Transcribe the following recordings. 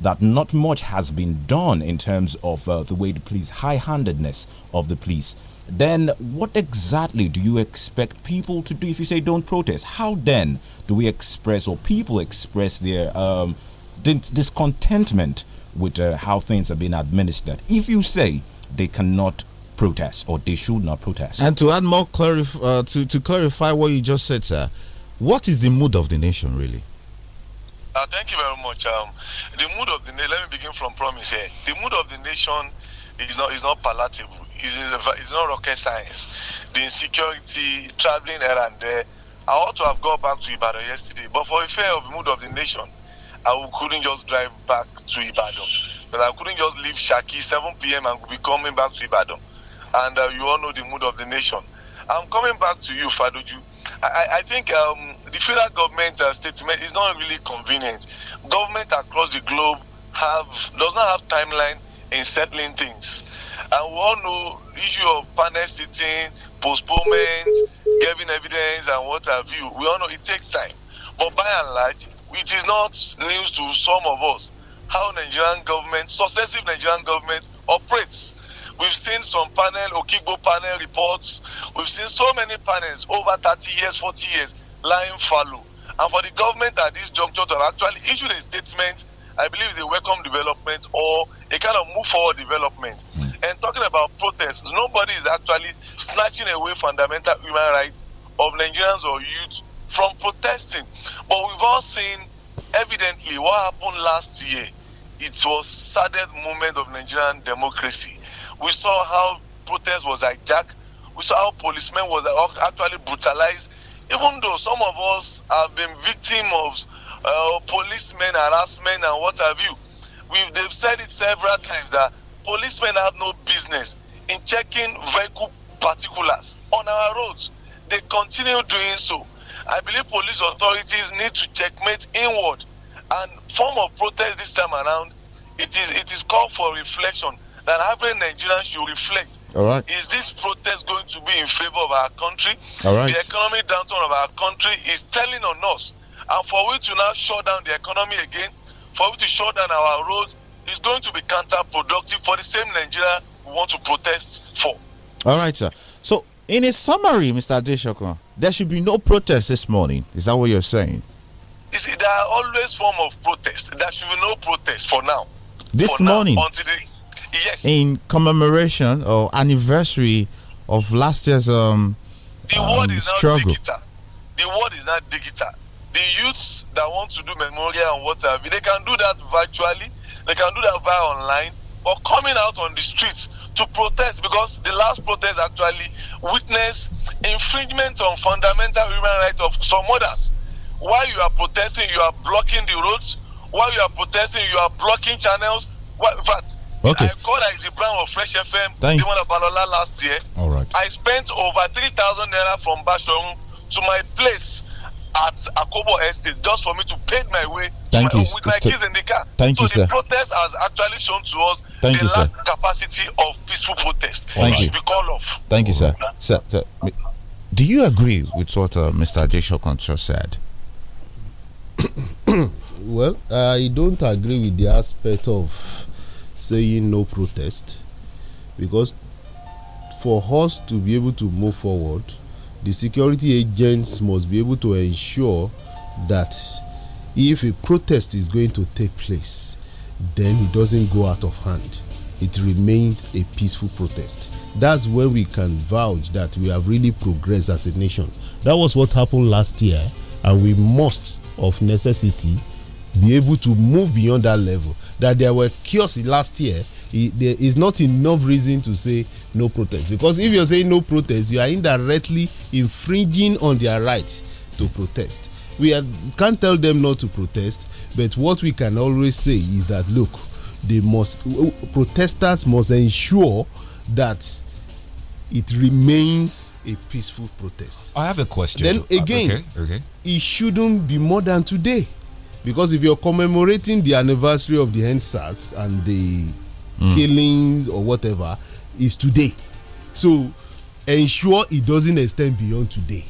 that not much has been done in terms of uh, the way the police, high handedness of the police, then what exactly do you expect people to do if you say don't protest? How then do we express or people express their um, discontentment with uh, how things are being administered if you say they cannot protest or they should not protest? And to add more clarif- uh, to, to clarify what you just said, sir, what is the mood of the nation really? Uh, thank you very much. Um, the mood of the let me begin from promise here. The mood of the nation is not is not palatable. It's, it's not rocket science. The insecurity, traveling here and there. I ought to have gone back to Ibadan yesterday, but for the fear of the mood of the nation, I couldn't just drive back to Ibadan. But I couldn't just leave Shaki 7 p.m. and be coming back to Ibadan. And uh, you all know the mood of the nation. I'm coming back to you, Fadoju. I, I think um, the federal government uh, statement is not really convenient. Government across the globe have does not have timeline in settling things. And we all know issue of panel sitting, postponement, giving evidence, and what have you. We all know it takes time. But by and large, it is not news to some of us how Nigerian government, successive Nigerian government, operates. We've seen some panel, Okigbo panel reports. We've seen so many panels over 30 years, 40 years, lying fallow. And for the government at this juncture to have actually issued a statement, I believe is a welcome development or a kind of move forward development. Mm. And talking about protests, nobody is actually snatching away fundamental human rights of Nigerians or youth from protesting. But we've all seen evidently what happened last year. It was saddest moment of Nigerian democracy. We saw how protest was hijacked. We saw how policemen was actually brutalized. Even though some of us have been victims of uh, policemen harassment and what have you, We've, they've said it several times that policemen have no business in checking vehicle particulars on our roads. They continue doing so. I believe police authorities need to checkmate inward. And form of protest this time around, it is it is called for reflection that happening in Nigeria should reflect. All right. Is this protest going to be in favor of our country? All right. The economic downturn of our country is telling on us. And for we to now shut down the economy again, for we to shut down our roads, is going to be counterproductive for the same Nigeria we want to protest for. All right, sir. So, in a summary, Mr. Adeshokon, there should be no protest this morning. Is that what you're saying? You see, there are always forms of protest. There should be no protest for now. This for morning? Now, until the Yes. In commemoration or anniversary of last year's um, the um, is struggle. The word is not digital. The youths that want to do memorial and what have you, they can do that virtually, they can do that via online, or coming out on the streets to protest because the last protest actually witnessed infringement on fundamental human rights of some others. While you are protesting, you are blocking the roads. While you are protesting, you are blocking channels. What, in fact, Okay. I called as a brand of Fresh FM, Thank the one of Balola last year. All right. I spent over 3,000 naira from Bashong to my place at Akobo Estate just for me to pave my way Thank my, you. with my kids in the car. Thank so you, the protest has actually shown to us Thank the you, lack sir. capacity of peaceful protest. Thank you. We call off. Thank you, sir. sir. Sir, do you agree with what uh, Mr. Adeshokan just said? well, I don't agree with the aspect of saying no protest because for us to be able to move forward the security agents must be able to ensure that if a protest is going to take place then it doesn't go out of hand it remains a peaceful protest that's when we can vouch that we have really progressed as a nation that was what happened last year and we must of necessity be able to move beyond that level that there were kiosks last year it, there is not enough reason to say no protest because if you're saying no protest you are indirectly infringing on their right to protest we are, can't tell them not to protest but what we can always say is that look they must protesters must ensure that it remains a peaceful protest. I have a question. Then uh, again, okay, okay. it shouldn't be more than today because if you're commemorating the anniversary of the endsars and the mm. killings or whatever is today so ensure it doesn't extend beyond today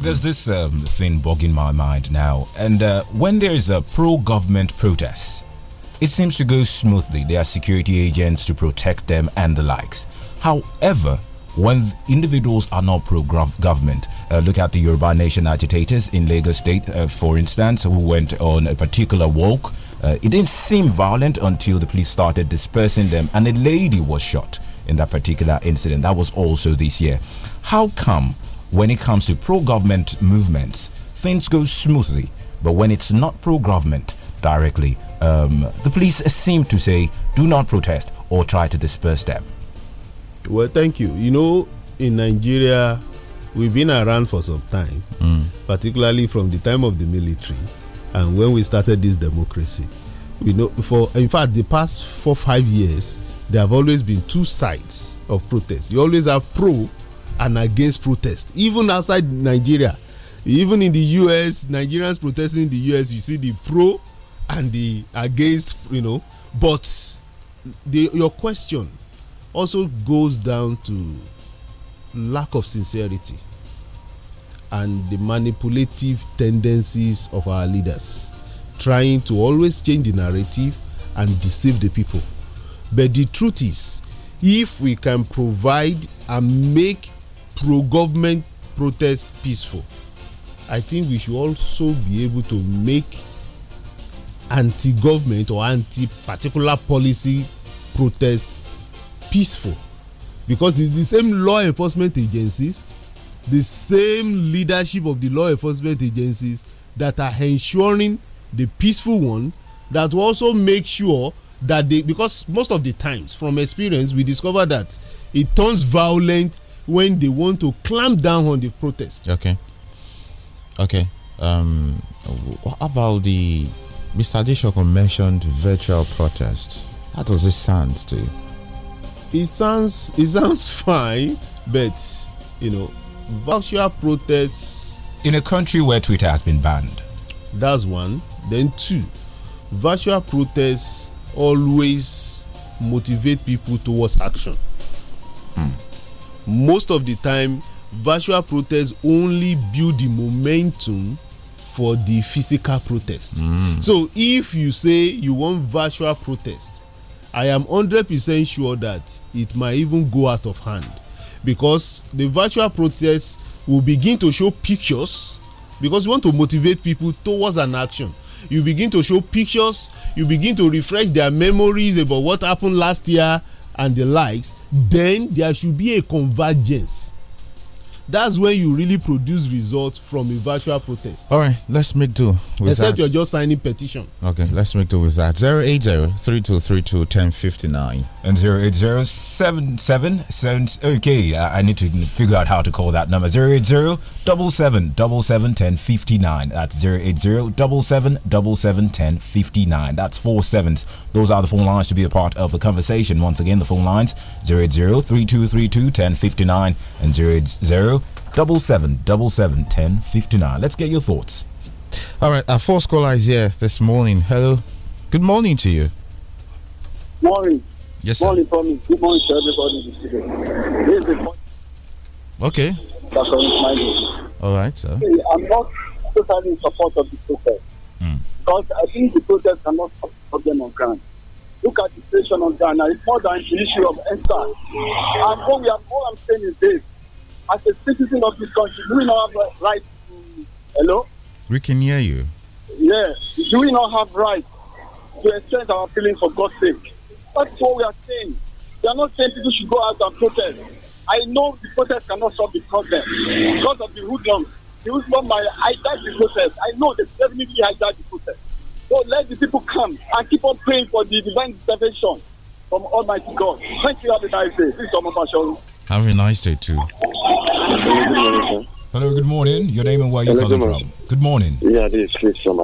there's this um, thing bogging my mind now and uh, when there's a pro-government protest it seems to go smoothly there are security agents to protect them and the likes however when individuals are not pro government. Uh, look at the Yoruba Nation agitators in Lagos State, uh, for instance, who went on a particular walk. Uh, it didn't seem violent until the police started dispersing them, and a lady was shot in that particular incident. That was also this year. How come, when it comes to pro government movements, things go smoothly, but when it's not pro government directly, um, the police seem to say, do not protest or try to disperse them? Well, thank you. You know, in Nigeria, we've been around for some time, mm. particularly from the time of the military and when we started this democracy. We know for in fact the past four five years there have always been two sides of protest. You always have pro and against protest, even outside Nigeria. Even in the US, Nigerians protesting in the US, you see the pro and the against, you know. But the, your question also goes down to lack of sincerity and the manipulative tendencies of our leaders, trying to always change the narrative and deceive the people. But the truth is, if we can provide and make pro government protest peaceful, I think we should also be able to make anti government or anti particular policy protest peaceful because it's the same law enforcement agencies the same leadership of the law enforcement agencies that are ensuring the peaceful one that will also make sure that they because most of the times from experience we discover that it turns violent when they want to clamp down on the protest. okay okay um What about the mr adeshokun mentioned virtual protests how does this sound to you it sounds it sounds fine, but you know, virtual protests in a country where Twitter has been banned. That's one. Then two, virtual protests always motivate people towards action. Mm. Most of the time, virtual protests only build the momentum for the physical protest. Mm. So if you say you want virtual protest I am hundred percent sure that it might even go out of hand because the virtual protests will begin to show pictures because you want to motivate people towards an action you begin to show pictures you begin to refresh their memories about what happened last year and the likes then there should be a convergence that's when you really produce results from a virtual protest. All right, let's make do. With Except that. you're just signing petition. Okay, let's make do with that. Zero eight zero three two three two ten fifty nine and zero eight zero seven seven seven. Okay, I, need to figure out how to call that number. Zero eight zero double seven double seven ten fifty nine. That's zero eight zero double seven double seven ten fifty nine. That's four sevens. Those are the phone lines to be a part of the conversation. Once again, the phone lines zero eight zero three two three two ten fifty nine and zero eight zero double seven double seven ten fifty nine. Let's get your thoughts. All right, our first caller is here this morning. Hello, good morning to you. Morning. Yes, sir. Morning Good morning to everybody. This is Okay. All right, sir. I'm not totally in support of the protest. Mm. Because I think the protest are not them on ground. Look at the situation on ground. It's more than the issue of enter. And what we are, all I'm saying is this. As a citizen of this country, do we not have right to, hello? We can hear you. Yeah. Do we not have right to express our feelings for God's sake? That's what we are saying. We are not saying people should go out and protest. I know the protest cannot solve the problem because of the hoodlums. The hoodlums might hijack the protest. I know they definitely hijack the protest. So let the people come and keep on praying for the divine intervention from Almighty God. Thank you. Have a nice day. This is Omar Have a nice day too. Hello, good morning. Your name and where you're calling from. Good morning. Yeah, this is Chris from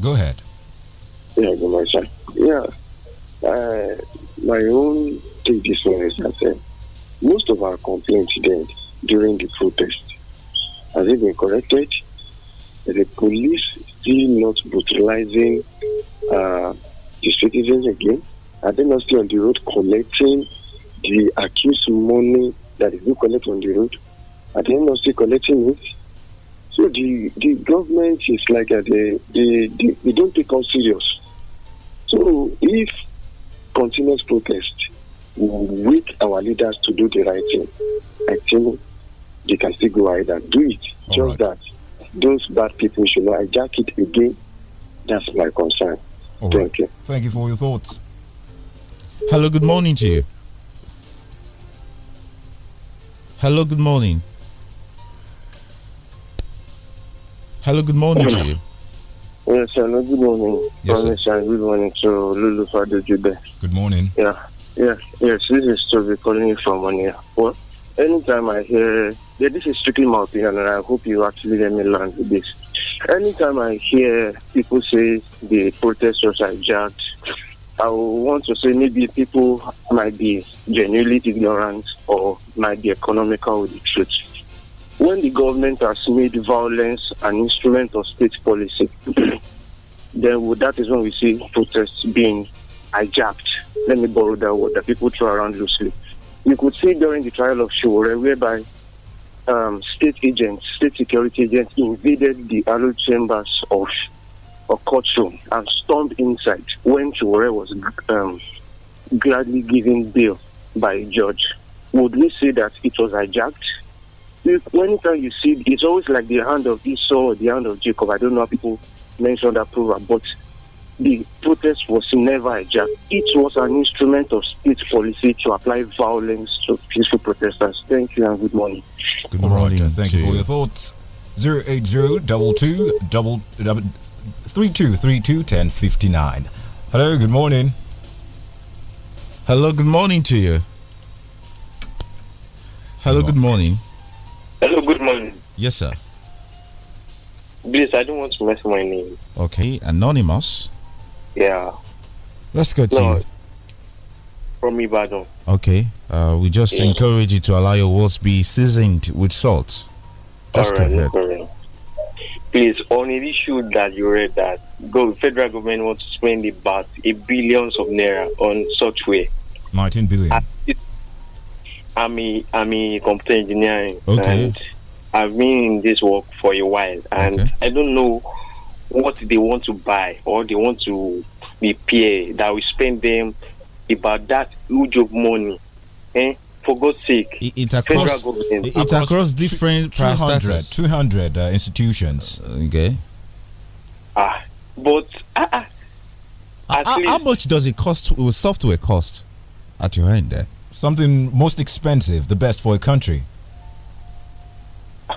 Go ahead. Yeah, good morning, sir. Yeah, uh, my own take this one is that uh, most of our complaints then during the protest has it been corrected? The police still not brutalizing uh, the citizens again? Are they not still on the road collecting the accused money that is being collected on the road? Are they not still collecting it? So the, the government is like a, uh, they, they, they, they don't take us serious. So if continuous protest will wake our leaders to do the right thing. I think they can still go ahead and do it. All Just right. that those bad people should not hijack it again. That's my concern. All Thank right. you. Thank you for your thoughts. Hello, good morning to you. Hello, good morning. Hello, good morning to you. Yes, sir. No, good morning. Yes, sir. Good morning to Lulu Father Jube. Good morning. Yeah. Yes, yes, this is Toby calling you from Monia. Well, anytime I hear, yeah, this is strictly my opinion, and I hope you actually let me learn this. Anytime I hear people say the protesters are jacked, I want to say maybe people might be genuinely ignorant or might be economical with the truth when the government has made violence an instrument of state policy, then that is when we see protests being hijacked. Let me borrow that word that people throw around loosely. We could see during the trial of Shore, whereby um, state agents, state security agents invaded the adult chambers of a courtroom and stormed inside when Chowore was um, gladly given bail by a judge. Would we say that it was hijacked? anytime you see, it's always like the hand of Esau or the hand of Jacob. I don't know how people mention that proverb, but the protest was never a joke. It was an instrument of state policy to apply violence to peaceful protesters. Thank you and good morning. Good morning. Right, thank you for your thoughts. 080 22 3232 1059. Hello, good morning. Hello, good morning to you. Hello, good morning. Hello, good morning. Yes, sir. Please, I don't want to mess my name. Okay, anonymous. Yeah. Let's go to no, you. From Ibadan. Okay, uh, we just yes. encourage you to allow your words be seasoned with salt. That's correct. correct. Please, on an issue that you read that go, federal government wants to spend about a billions of naira on software. 19 billion. At, I'm I'm a computer engineering, okay. and I've been in this work for a while, and okay. I don't know what they want to buy or they want to repair that we spend them about that huge of money. Eh? For God's sake, it's across, It, across, different 200, 200 uh, institutions. Uh, okay. Ah, but uh, how, how much does it cost? Will software cost at your end there? Something most expensive, the best for a country.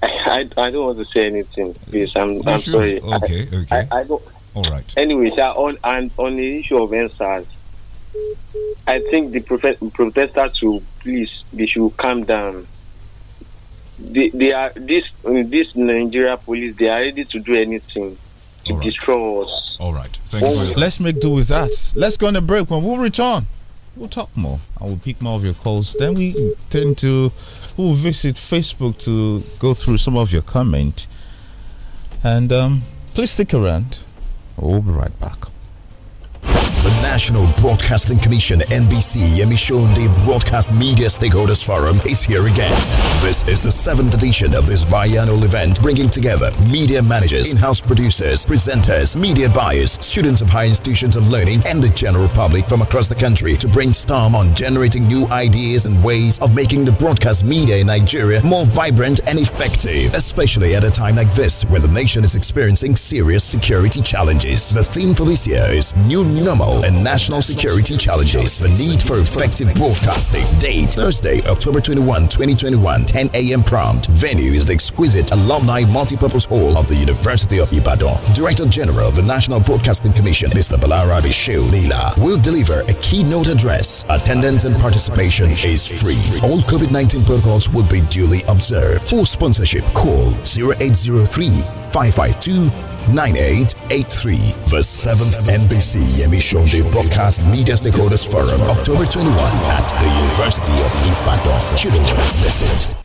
I, I don't want to say anything, please. I'm, I'm sure? sorry. Okay, okay. I, I, don't. All right. Anyways, on and on the issue of NSAS, I think the protesters should please they should calm down. They, they are this this Nigeria police. They are ready to do anything to right. destroy us. All right. Thank you. Oh, Let's make do with that. Let's go on a break. When we we'll return we'll talk more. I will pick more of your calls. Then we tend to we'll visit Facebook to go through some of your comment. And um, please stick around. We'll be right back. The National Broadcasting Commission, NBC, De Broadcast Media Stakeholders Forum is here again. This is the seventh edition of this biannual event, bringing together media managers, in-house producers, presenters, media buyers, students of high institutions of learning, and the general public from across the country to brainstorm on generating new ideas and ways of making the broadcast media in Nigeria more vibrant and effective, especially at a time like this where the nation is experiencing serious security challenges. The theme for this year is New Normal and National Security Challenges. The Need for Effective Broadcasting. Date Thursday, October 21, 2021, 10 a.m. prompt. Venue is the exquisite Alumni Multipurpose Hall of the University of Ibadan. Director General of the National Broadcasting Commission, Mr. Balarabi Shew Leela, will deliver a keynote address. Attendance and participation is free. All COVID 19 protocols will be duly observed. For sponsorship, call 0803 552 9883. The 7th NBC Emission De Broadcast Media Stakeholders Forum, October 21 at the University of Ibadan. Children, visit.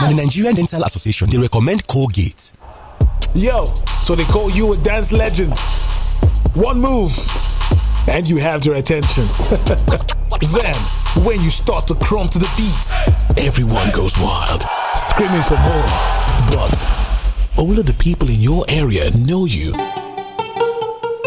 Now, the Nigerian Dental Association, they recommend Colgate. Yo, so they call you a dance legend. One move, and you have their attention. then, when you start to crumb to the beat, everyone goes wild, screaming for more. But only the people in your area know you.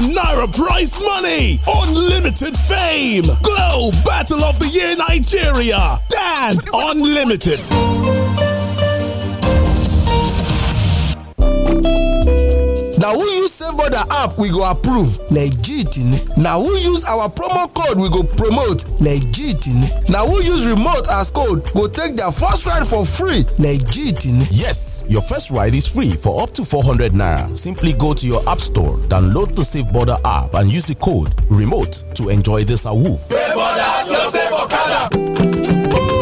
million naira prize money, unlimited fame, Glow Battle of the Year Nigeria, Dance Unlimited na who use save border app we go approve legit na who use our promo code we go promote legit na who use remote as code go take their first ride for free legit. yes your first ride is free for up to 400 naira simply go to your app store download the save border app and use the code remote to enjoy this awoof. save border save okada.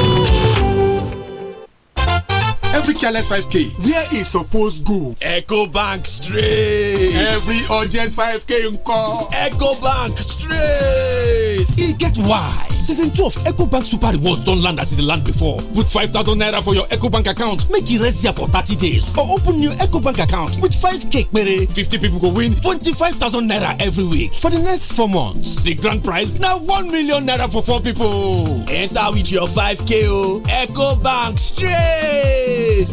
every careless 5k where e suppose go. ecobank straight. every urgent 5k nkọ. ecobank straight. e get why season twelve ecobank super rewards don land as e dey land before put five thousand naira for your ecobank account make e rest there for thirty days or open new ecobank account with five k pere fifty people go win twenty-five thousand naira every week for the next four months the grand prize na one million naira for four people. enter with your five k o ecobank straight.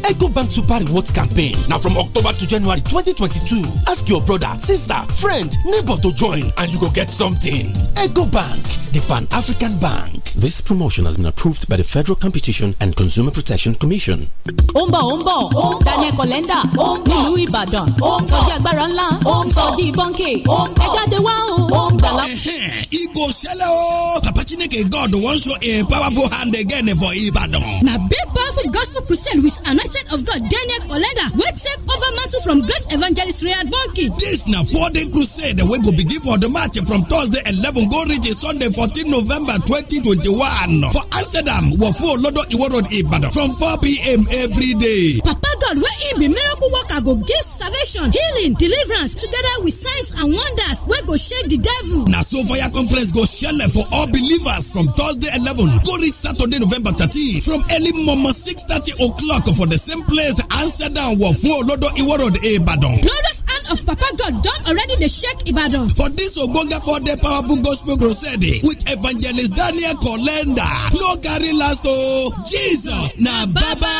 ecobank super rewards campaign na from october to january twenty twenty-two ask your brother sister friend neighbor to join and you go get something ecobank the pan-african Bank. This promotion has been approved by the Federal Competition and Consumer Protection Commission. ó ń bọ̀ ó ń bọ̀ Daniel Kolenda nílùú Ìbàdàn sọjí agbára ńlá sọjí bọ́ńkì ẹ jáde wá ó ń gbàlá. Igo ṣẹlẹ̀ o, Papa Chineke God wan show a powerful hand again for Ibadan. Na big powerful gospel crusade with anointing of God Daniel Kolenda wey take over mantle from great evangelist Riyad Bọ́ńkì. Dis na four day crusade wey go begin for the march from Thursday eleven go reach Sunday fourteen November twenty twenty one for Amsterdam Wọ̀fún Olodo Iwo Road Ibadan from four pm every day. Papa God wey im be miracle worker go give salvation, healing, deliverance together with signs and wonders wey go shake the devil. Na so fire conference go shele for all believers from Thursday eleven go reach Saturday November thirteen from early momo six thirty o'clock for the same place Amsterdam Wọ̀fún Olodo Iwo Road Ibadan. Glorious hand of Papa God don already dey shake Ibadan. For this ogbonge four-day powerful gospel crusade with evangelist daniel kolenda no carry last o oh. jesus na baba.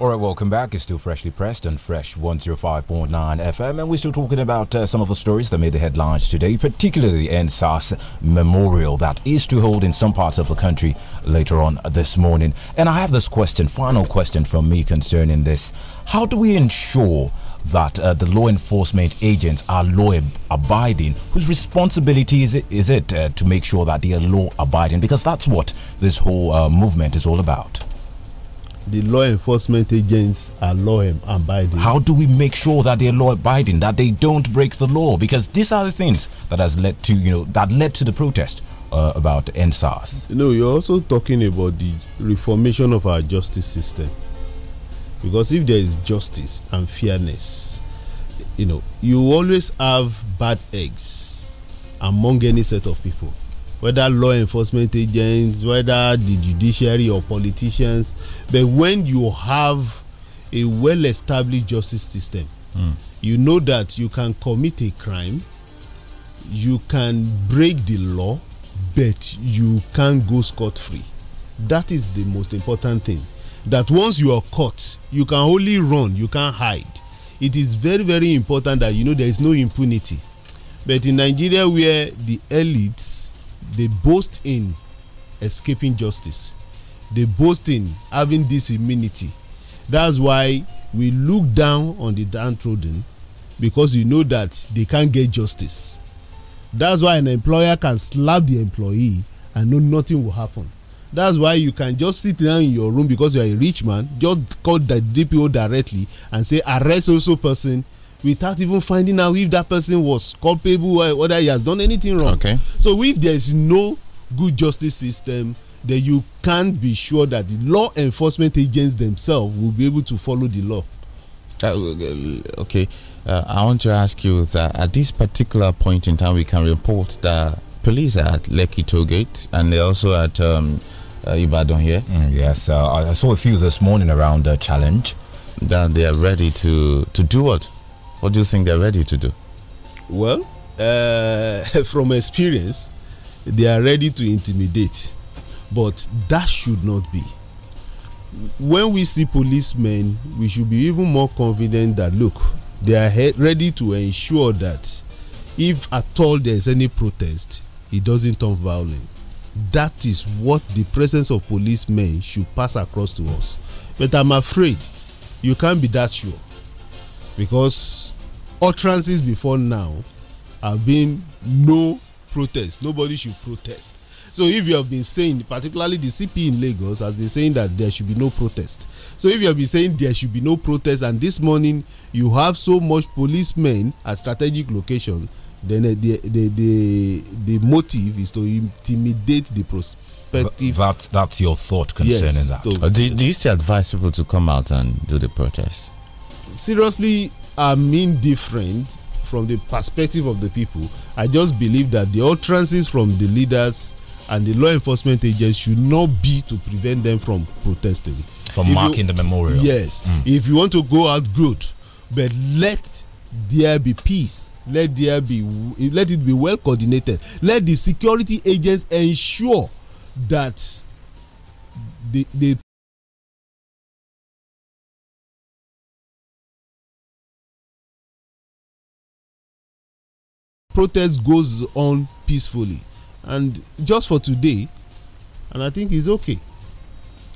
All right, welcome back. It's still freshly pressed and Fresh 105.9 FM, and we're still talking about uh, some of the stories that made the headlines today, particularly the NSAS memorial that is to hold in some parts of the country later on this morning. And I have this question, final question from me concerning this. How do we ensure that uh, the law enforcement agents are law abiding? Whose responsibility is it, is it uh, to make sure that they are law abiding? Because that's what this whole uh, movement is all about the law enforcement agents are law abiding. How do we make sure that they're law abiding, that they don't break the law? Because these are the things that has led to you know that led to the protest uh, about NSAS. You know, you're also talking about the reformation of our justice system, because if there is justice and fairness, you know, you always have bad eggs among any set of people whether law enforcement agents, whether the judiciary or politicians. But when you have a well established justice system, mm. you know that you can commit a crime, you can break the law, but you can't go scot free. That is the most important thing. That once you are caught, you can only run, you can't hide. It is very, very important that you know there is no impunity. But in Nigeria, where the elites they boast in escaping justice they boast in having this immunity that's why we look down on the downtrodden because you know that they can't get justice that's why an employer can slap the employee and know nothing will happen that's why you can just sit down in your room because you are a rich man just call the dpo directly and say arrest also person without even finding out if that person was culpable or whether he has done anything wrong. Okay. So if there is no good justice system, then you can't be sure that the law enforcement agents themselves will be able to follow the law. Uh, uh, uh okay, uh, I want to ask you that at this particular point in time, we can report that police are at Lekki Togate and they're also at um, uh, Ibadan here. Mm, yes, uh, I saw a few this morning around the challenge. That they are ready to to do what? What do you think they're ready to do? Well, uh, from experience, they are ready to intimidate, but that should not be. When we see policemen, we should be even more confident that look, they are ready to ensure that if at all there is any protest, it doesn't turn violent. That is what the presence of policemen should pass across to us. But I'm afraid you can't be that sure because utterances before now have been no protest nobody should protest so if you have been saying particularly the cp in lagos has been saying that there should be no protest so if you have been saying there should be no protest and this morning you have so much policemen at strategic location then uh, the the the, the motive is to intimidate the prospective. That's that's your thought concerning yes, that. Uh, do, do you still advise people to come out and do the protest? seriously I mean, different from the perspective of the people. I just believe that the utterances from the leaders and the law enforcement agents should not be to prevent them from protesting. From if marking you, the memorial. Yes. Mm. If you want to go out, good. But let there be peace. Let there be let it be well coordinated. Let the security agents ensure that the the protest goes on peacefully and just for today and i think it's okay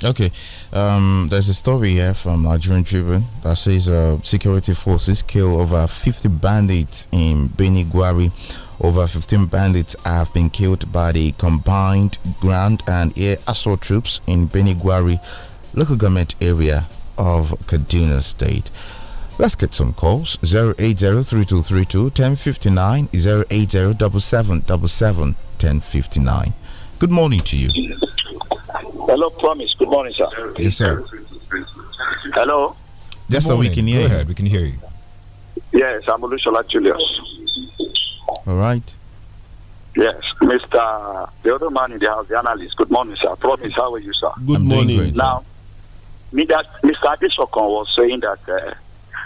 okay um, there's a story here from nigerian tribune that says uh, security forces kill over 50 bandits in beniguari over 15 bandits have been killed by the combined ground and air assault troops in beniguari local government area of kaduna state Let's get some calls 080-3232-1059, 080-7777-1059. Good morning to you. Hello, Promise. Good morning, sir. Yes, sir. Hello. Yes, sir, we can hear Go you. Ahead. We can hear you. Yes, I'm Olushola Julius. All right. Yes, Mr. The other man in the house, the analyst. Good morning, sir. Promise, how are you, sir? Good I'm morning. Great, now, sir. Mr. Adesokan was saying that uh,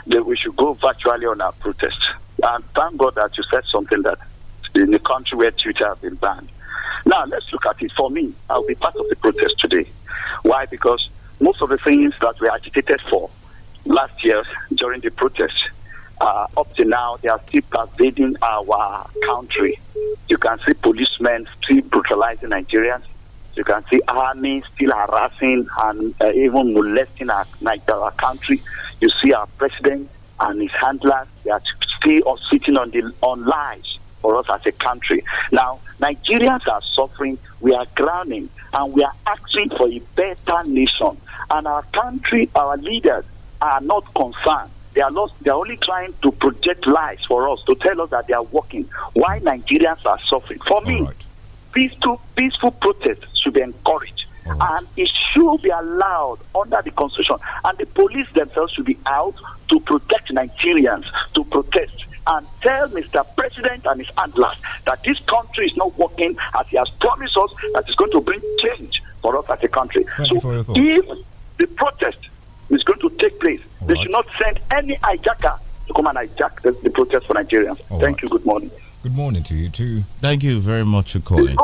that we should go virtually on our protest. And thank God that you said something that in the country where Twitter has been banned. Now, let's look at it. For me, I'll be part of the protest today. Why? Because most of the things that we agitated for last year during the protest, uh, up to now, they are still pervading our country. You can see policemen still brutalizing Nigerians. You can see army still harassing and uh, even molesting our, Nigerian our country. You see our president and his handlers, they are still sitting on, the, on lies for us as a country. Now, Nigerians are suffering, we are drowning, and we are asking for a better nation. And our country, our leaders are not concerned. They are, lost, they are only trying to project lies for us to tell us that they are working. Why Nigerians are suffering? For me, right. peaceful, peaceful protest should be encouraged. Mm-hmm. And it should be allowed under the Constitution. And the police themselves should be out to protect Nigerians, to protest and tell Mr. President and his handlers that this country is not working as he has promised us that it's going to bring change for us as a country. Thank so if the protest is going to take place, they should not send any hijacker to come and hijack the, the protest for Nigerians. Thank you. Good morning. Good morning to you too. Thank you very much for calling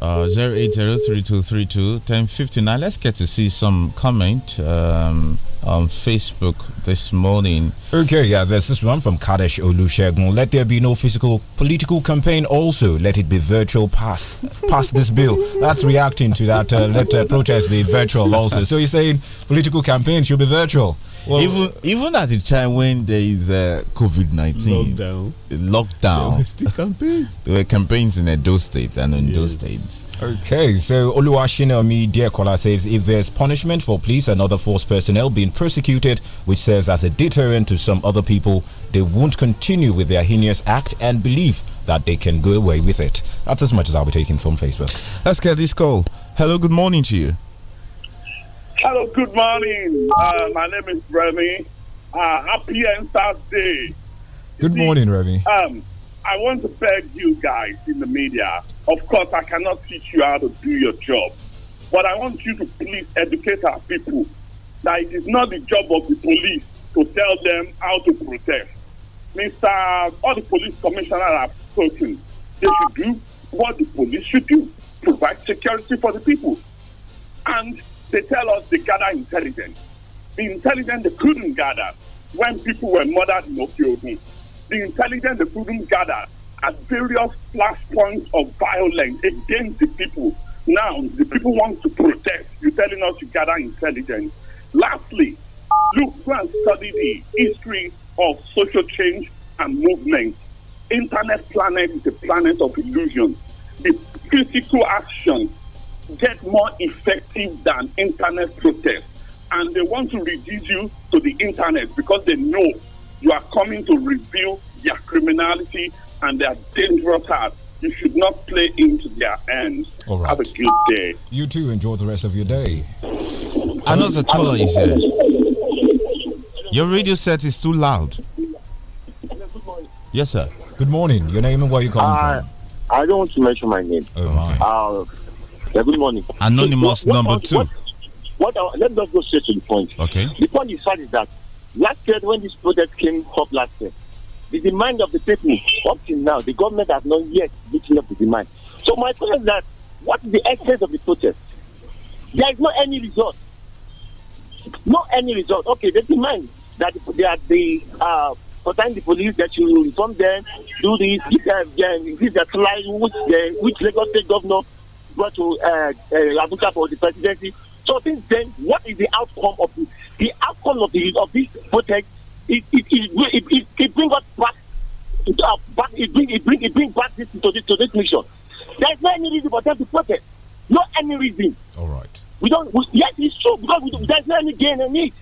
uh, 1059 Let's get to see some comment um, on Facebook this morning. Okay, yeah, there's this one from Kadesh Olushegun. Let there be no physical political campaign also. Let it be virtual pass. Pass this bill. That's reacting to that. Uh, let uh, protest be virtual also. So he's saying political campaigns should be virtual well, even even at the time when there is uh, COVID nineteen lockdown, lockdown, there were still campaigns. there were campaigns in those State and in yes. those states. Okay, so Oluwashinomi Dekola says if there's punishment for police and other force personnel being prosecuted, which serves as a deterrent to some other people, they won't continue with their heinous act and believe that they can go away with it. That's as much as I'll be taking from Facebook. Let's get this call. Hello, good morning to you. Hello, good morning. Uh, my name is Remy. Uh, happy Ensa's Day. Good See, morning, Remy. Um, I want to beg you guys in the media. Of course, I cannot teach you how to do your job, but I want you to please educate our people that it is not the job of the police to tell them how to protest. Mr. All the police commissioners have spoken. They should do what the police should do provide security for the people. And they tell us they gather intelligence. The intelligence they couldn't gather when people were murdered in Okiogun. The intelligence they couldn't gather at various flashpoints of violence against the people. Now, the people want to protest. You're telling us you gather intelligence. Lastly, look, go and study the history of social change and movement. Internet planet is a planet of illusion. The physical action get more effective than internet protests. And they want to reduce you to the internet because they know you are coming to reveal their criminality and their dangerous heart. You should not play into their hands. All right. Have a good day. You too. Enjoy the rest of your day. Another caller is here. Your radio set is too loud. Yes, sir. Good morning. Your name and where you calling uh, from? I don't want to mention my name. Oh, my. Uh, yeah, good morning. Anonymous so, what, number two. What, what, what, let's just go straight to the point. Okay. The point is fact is that last year when this project came up last year, the demand of the people up till now, the government has not yet meeting up the demand. So my question is that what is the essence of the protest? There is not any result. Not any result. Okay, the demand that they are the uh time the police that you reform them, do this, give them, give their salary, which the uh, which Lagos State governor brought to uh, uh Abuja for the presidency. So since then, what is the outcome of this? The outcome of, the, of this protest, it, it, it, it, it brings us back, it, uh, back it, bring, it, bring, it brings back this to, this to this mission. There is no any reason for them to protest. No any reason. All right. We don't, we, yes, it's true, because we, there's no any gain in it.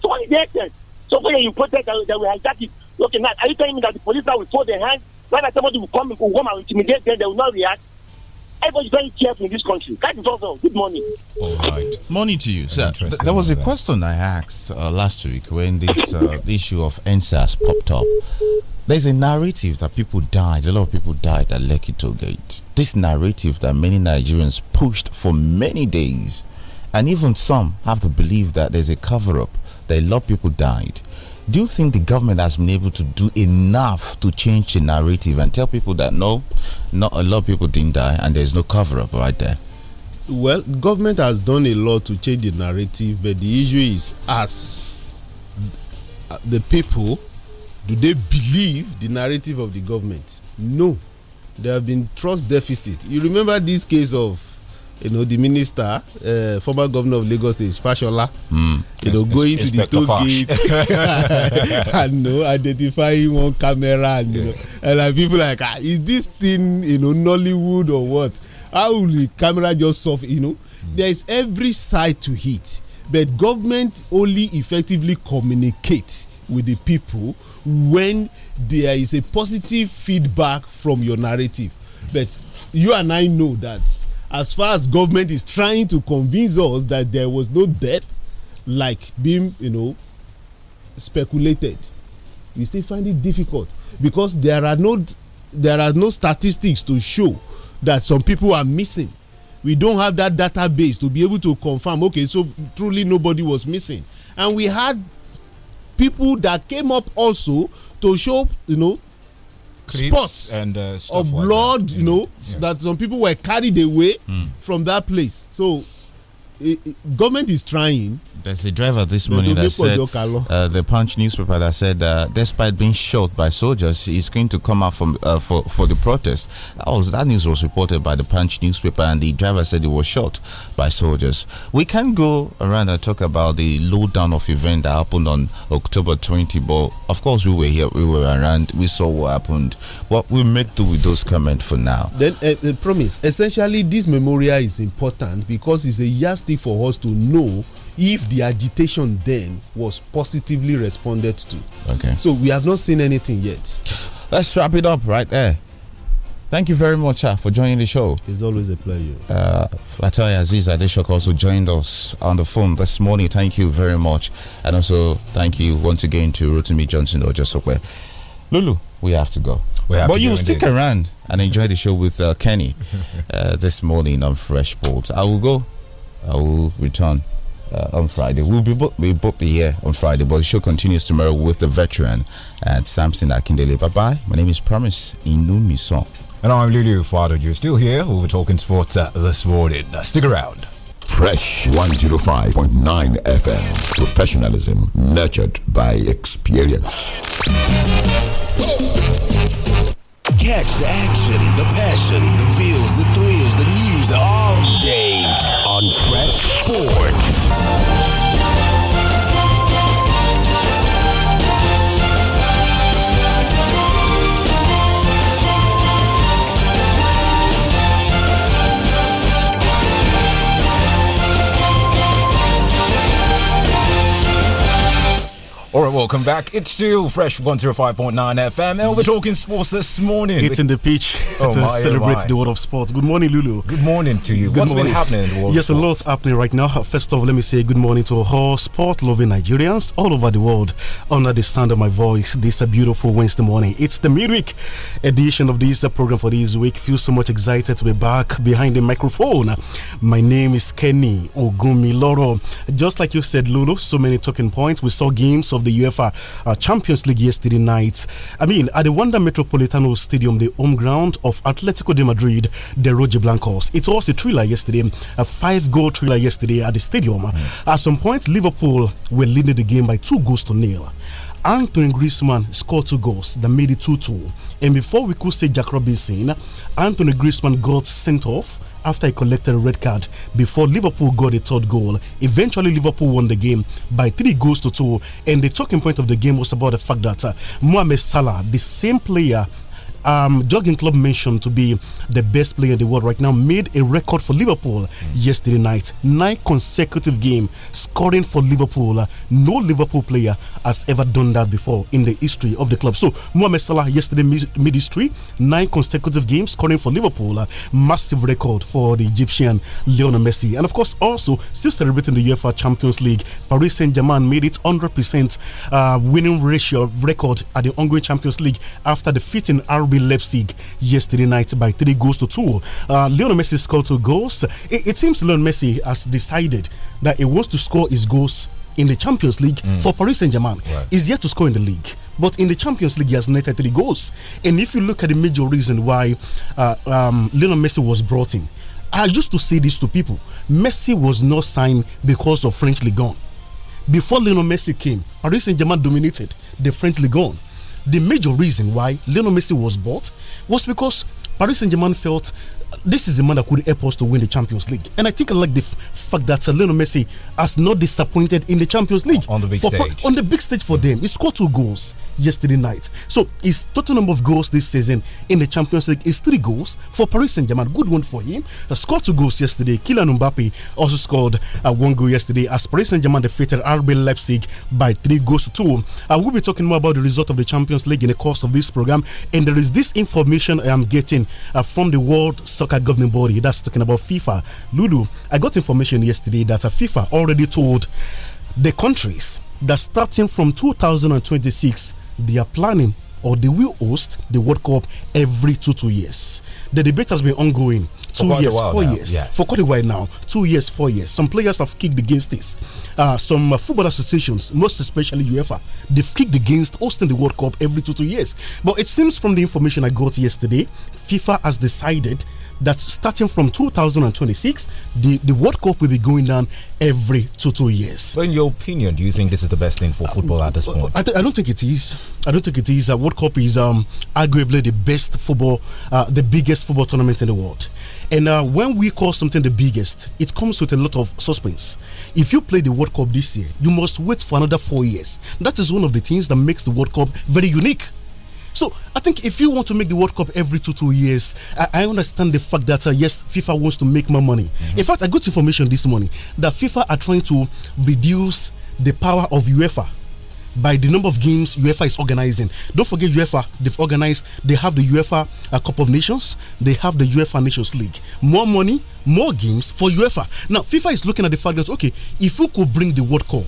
So what is the So when you protest, that, that we hijack it. Okay, now, are you telling me that the police now will fold their hands? Rather, somebody will come, will come and intimidate them, they will not react. Everybody's very careful in this country. That is also good morning. All right. Morning to you, sir. Th there was a question I asked uh, last week when this uh, issue of NSAS popped up. There's a narrative that people died, a lot of people died at Lekki Toll Gate. This narrative that many Nigerians pushed for many days, and even some have the belief that there's a cover up, that a lot of people died do you think the government has been able to do enough to change the narrative and tell people that no, not a lot of people didn't die and there's no cover up right there? Well, government has done a lot to change the narrative, but the issue is us, the people, do they believe the narrative of the government? No. There have been trust deficit. You remember this case of you know the minister uh, former governor of lagos state fashola mm. you know going to the toll gate and you know, identifying one camera and you know and like, people like ah, is this thing you know nollywood or what how will the camera just solve you know mm. there is every side to hit, but government only effectively communicates with the people when there is a positive feedback from your narrative but you and i know that as far as government is trying to convince us that there was no debt like being you know speculated we still find it difficult because there are no there are no statistics to show that some people are missing we don't have that database to be able to confirm okay so truly nobody was missing and we had people that came up also to show you know spots and uh, of blood, you know, yeah. that some people were carried away mm. from that place. So government is trying. There's a driver this morning that said uh, the Punch newspaper that said uh, despite being shot by soldiers, he's going to come out from uh, for for the protest. That, was, that news was reported by the Punch newspaper, and the driver said he was shot by soldiers. We can go around and talk about the lowdown of event that happened on October 20, but of course we were here, we were around, we saw what happened. What we make do with those comments for now. Then, I uh, promise. Essentially, this memorial is important because it's a yardstick realistic for us to know if the agitation then was positively responded to. Okay. So we have not seen anything yet. Let's wrap it up right there. Thank you very much uh, for joining the show. It's always a pleasure. Uh, Lataya Aziz Adeshok also joined us on the phone this morning. Thank you very much. And also, thank you once again to Rotimi Johnson or Josokwe. Lulu, we have to go. Have but to you stick around and enjoy the show with uh, Kenny uh, this morning on Fresh Bolt. I will go I will return uh, on Friday. We'll be both, we'll be here on Friday, but the show continues tomorrow with the veteran at Samson Akindele. Bye bye. My name is Promise Inumison. And I'm Lulu Fado. You're still here. We'll be talking sports uh, this morning. Uh, stick around. Fresh 105.9 FM. Professionalism nurtured by experience. Catch the action, the passion, the feels, the thrills, the news all day Fresh Sports. All right, welcome back. It's still fresh 105.9 FM, and we're talking sports this morning. Hitting the pitch oh to my, oh celebrate oh the world of sports. Good morning, Lulu. Good morning to you. Good What's morning. been happening in the world? Yes, a lot's happening right now. First off, let me say good morning to all sport loving Nigerians all over the world under the sound of my voice. This is a beautiful Wednesday morning. It's the midweek edition of this program for this week. Feel so much excited to be back behind the microphone. My name is Kenny Ogumiloro. Just like you said, Lulu, so many talking points. We saw games of the UEFA uh, Champions League yesterday night. I mean, at the Wanda Metropolitano Stadium, the home ground of Atletico de Madrid, the Roger Blancos. It was a thriller yesterday, a five goal thriller yesterday at the stadium. Mm. At some point, Liverpool were leading the game by two goals to nil. Anthony Griezmann scored two goals that made it 2 2. And before we could say Jack Robinson, Anthony Griezmann got sent off after he collected a red card before Liverpool got a third goal. Eventually, Liverpool won the game by three goals to two. And the talking point of the game was about the fact that uh, Mohamed Salah, the same player um, Jogging Club mentioned to be the best player in the world right now, made a record for Liverpool mm. yesterday night. Nine consecutive game scoring for Liverpool. Uh, no Liverpool player has ever done that before in the history of the club. So Mohamed Salah yesterday made history. Nine consecutive games scoring for Liverpool. Uh, massive record for the Egyptian Lionel Messi. And of course, also still celebrating the UEFA Champions League. Paris Saint Germain made it 100% uh, winning ratio record at the ongoing Champions League after defeating RB Leipzig yesterday night by three goals to two. Uh, Lionel Messi scored two goals. It, it seems Lionel Messi has decided that he wants to score his goals in the Champions League mm. for Paris Saint Germain. Right. He's yet to score in the league. But in the Champions League, he has netted three goals. And if you look at the major reason why uh, um, Lionel Messi was brought in, I used to say this to people Messi was not signed because of French Ligon. Before Lionel Messi came, Paris Saint Germain dominated the French Ligon the major reason why Lionel Messi was bought was because Paris Saint Germain felt uh, this is the man that could help us to win the Champions League. And I think I like the fact that uh, Lionel Messi has not disappointed in the Champions League. On the big for, stage. On the big stage for mm them. He scored two goals yesterday night. So his total number of goals this season in the Champions League is three goals for Paris Saint Germain. Good one for him. He scored two goals yesterday. Kylian Mbappe also scored uh, one goal yesterday as Paris Saint Germain defeated RB Leipzig by three goals to two. Uh, we'll be talking more about the result of the Champions League in the course of this program. And there is this information I am getting uh, from the World Soccer Governing Body that's talking about FIFA. Lulu, I got information yesterday that uh, FIFA already told the countries that starting from 2026, they are planning or they will host the World Cup every two two years. The debate has been ongoing two years, four now. years, yes. for quite a while now. Two years, four years. Some players have kicked against this. Uh, some uh, football associations, most especially UEFA, they've kicked against hosting the World Cup every two two years. But it seems from the information I got yesterday, FIFA has decided that starting from 2026, the, the World Cup will be going down every two two years. But in your opinion, do you think this is the best thing for football at this uh, point? I, I don't think it is. I don't think it is. Uh, World Cup is um, arguably the best football, uh, the biggest football tournament in the world. And uh, when we call something the biggest, it comes with a lot of suspense. If you play the World Cup this year, you must wait for another four years. That is one of the things that makes the World Cup very unique so I think if you want to make the World Cup every two two years, I, I understand the fact that uh, yes, FIFA wants to make more money. Mm -hmm. In fact, I got information this morning that FIFA are trying to reduce the power of UEFA by the number of games UEFA is organizing. Don't forget UEFA, they've organized, they have the UEFA uh, Cup of Nations, they have the UEFA Nations League. More money, more games for UEFA. Now, FIFA is looking at the fact that, okay, if we could bring the World Cup